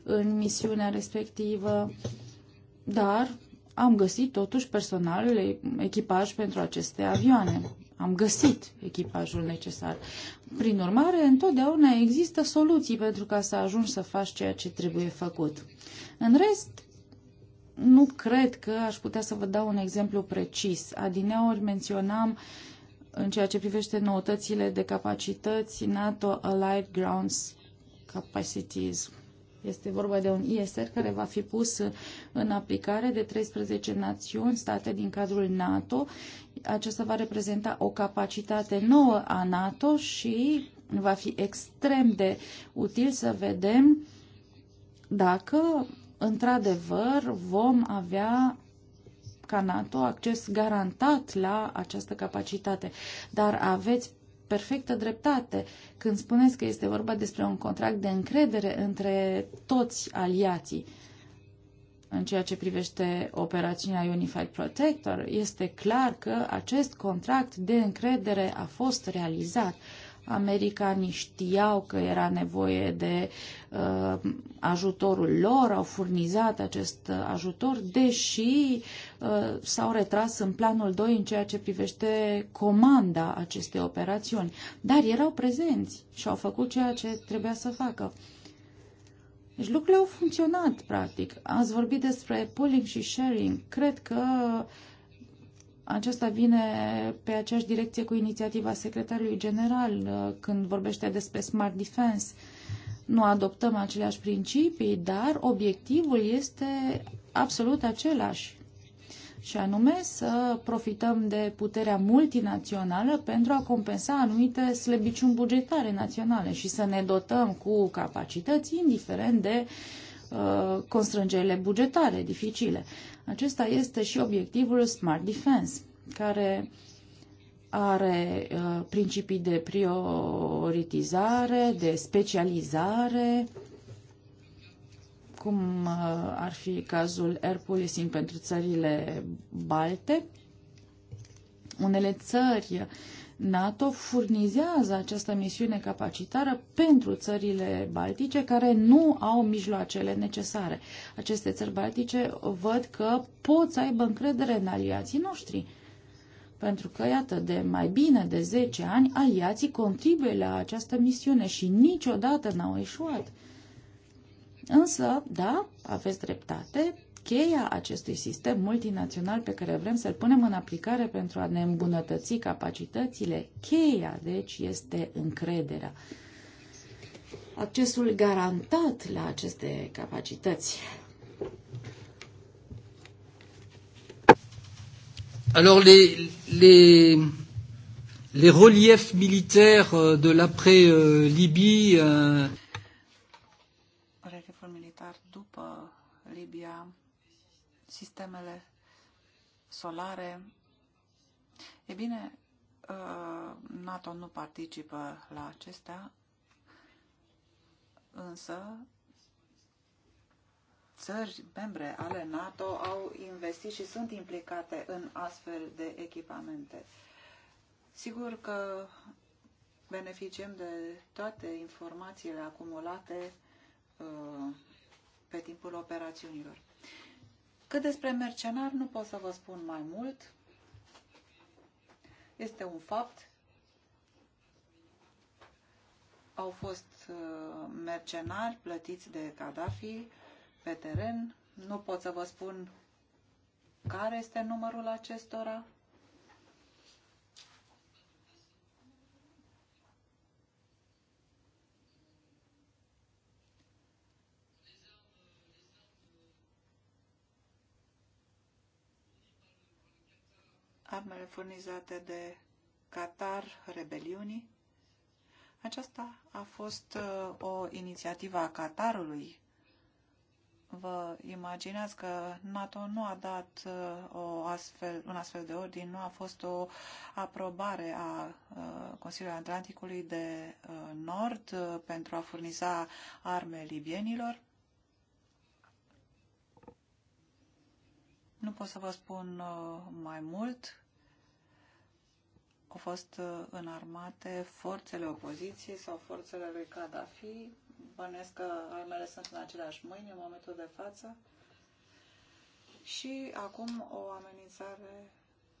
în misiunea respectivă, dar am găsit totuși personal, echipaj pentru aceste avioane. Am găsit echipajul necesar. Prin urmare, întotdeauna există soluții pentru ca să ajungi să faci ceea ce trebuie făcut. În rest, nu cred că aș putea să vă dau un exemplu precis. Adineori menționam în ceea ce privește noutățile de capacități NATO Allied Grounds Capacities, este vorba de un ISR care va fi pus în aplicare de 13 națiuni, state din cadrul NATO. Aceasta va reprezenta o capacitate nouă a NATO și va fi extrem de util să vedem dacă, într-adevăr, vom avea ca NATO acces garantat la această capacitate. Dar aveți perfectă dreptate când spuneți că este vorba despre un contract de încredere între toți aliații în ceea ce privește operațiunea Unified Protector, este clar că acest contract de încredere a fost realizat americanii știau că era nevoie de uh, ajutorul lor, au furnizat acest uh, ajutor, deși uh, s-au retras în planul 2 în ceea ce privește comanda acestei operațiuni. Dar erau prezenți și au făcut ceea ce trebuia să facă. Deci lucrurile au funcționat, practic. Ați vorbit despre pulling și sharing. Cred că uh, acesta vine pe aceeași direcție cu inițiativa secretarului general uh, când vorbește despre Smart Defense. Nu adoptăm aceleași principii, dar obiectivul este absolut același și anume să profităm de puterea multinațională pentru a compensa anumite slăbiciuni bugetare naționale și să ne dotăm cu capacități indiferent de uh, constrângerile bugetare dificile. Acesta este și obiectivul Smart Defense, care are uh, principii de prioritizare, de specializare, cum uh, ar fi cazul air policing pentru țările balte. Unele țări uh, NATO furnizează această misiune capacitară pentru țările baltice care nu au mijloacele necesare. Aceste țări baltice văd că pot să aibă încredere în aliații noștri. Pentru că, iată, de mai bine de 10 ani, aliații contribuie la această misiune și niciodată n-au eșuat. Însă, da, aveți dreptate, cheia acestui sistem multinațional pe care vrem să-l punem în aplicare pentru a ne îmbunătăți capacitățile, cheia, deci, este încrederea. Accesul garantat la aceste capacități. Alors les, les, les reliefs militaires de l'après-Libye. Euh... euh sistemele solare. E bine, uh, NATO nu participă la acestea, însă țări membre ale NATO au investit și sunt implicate în astfel de echipamente. Sigur că beneficiem de toate informațiile acumulate uh, pe timpul operațiunilor. Cât despre mercenar, nu pot să vă spun mai mult. Este un fapt. Au fost uh, mercenari plătiți de Gaddafi pe teren. Nu pot să vă spun care este numărul acestora. armele furnizate de Qatar rebeliunii. Aceasta a fost uh, o inițiativă a Qatarului. Vă imaginați că NATO nu a dat uh, o astfel, un astfel de ordin, nu a fost o aprobare a uh, Consiliului Atlanticului de Nord pentru a furniza arme libienilor. Nu pot să vă spun uh, mai mult. Au fost uh, înarmate forțele opoziției sau forțele lui Gaddafi. Bănesc că armele sunt în aceleași mâini în momentul de față. Și acum o amenințare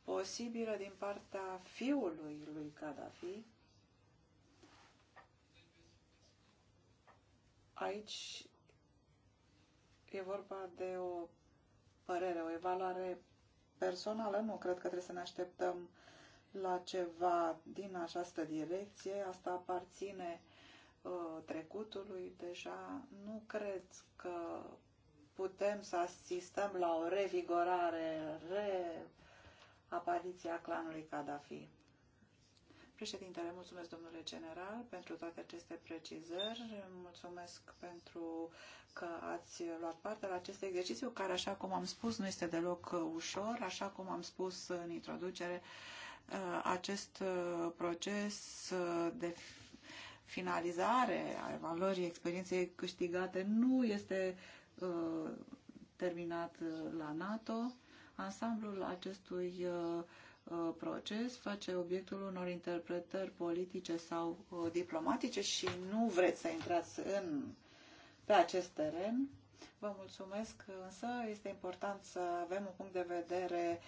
posibilă din partea fiului lui Gaddafi. Aici e vorba de o părere, o evaluare personală. Nu cred că trebuie să ne așteptăm la ceva din această direcție. Asta aparține uh, trecutului deja. Nu cred că putem să asistăm la o revigorare, reapariția clanului Gaddafi. Președintele, mulțumesc domnule general pentru toate aceste precizări, mulțumesc pentru că ați luat parte la acest exercițiu care, așa cum am spus, nu este deloc ușor, așa cum am spus în introducere, uh, acest uh, proces uh, de finalizare a evaluării experienței câștigate nu este terminat la NATO. Ansamblul acestui uh, Uh, proces face obiectul unor interpretări politice sau uh, diplomatice și nu vreți să intrați în, pe acest teren. Vă mulțumesc, însă este important să avem un punct de vedere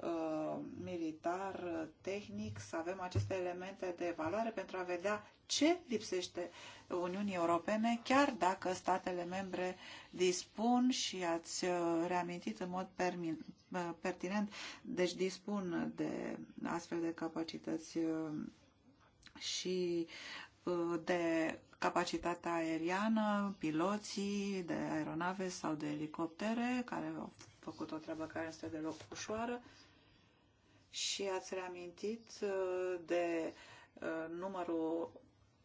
Uh, militar, tehnic, să avem aceste elemente de valoare pentru a vedea ce lipsește Uniunii Europene, chiar dacă statele membre dispun și ați uh, reamintit în mod uh, pertinent, deci dispun de astfel de capacități și de capacitatea aeriană, piloții de aeronave sau de elicoptere, care au făcut o treabă care este deloc ușoară, și ați reamintit uh, de uh, numărul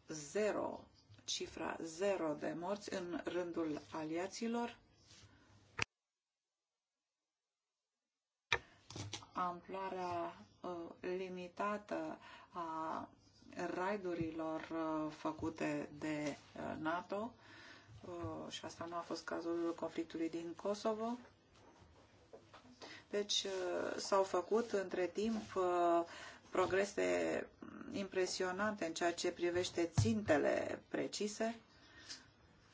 0, cifra 0 de morți în rândul aliaților. Amploarea uh, limitată a raidurilor făcute de NATO și asta nu a fost cazul conflictului din Kosovo. Deci uh, s-au făcut între timp uh, progrese impresionante în ceea ce privește țintele precise.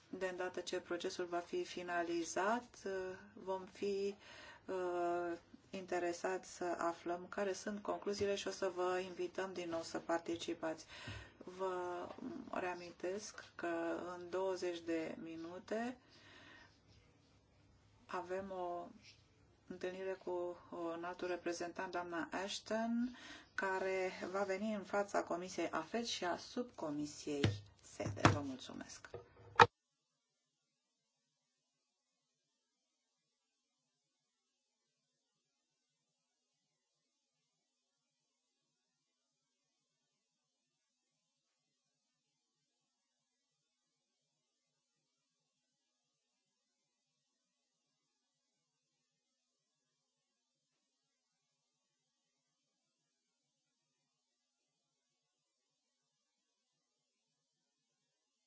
De îndată ce procesul va fi finalizat, uh, vom fi interesați să aflăm care sunt concluziile și o să vă invităm din nou să participați. Vă reamintesc că în 20 de minute avem o întâlnire cu uh, un alt reprezentant, doamna Ashton, care va veni în fața Comisiei AFET și a subcomisiei SEDE. Vă mulțumesc!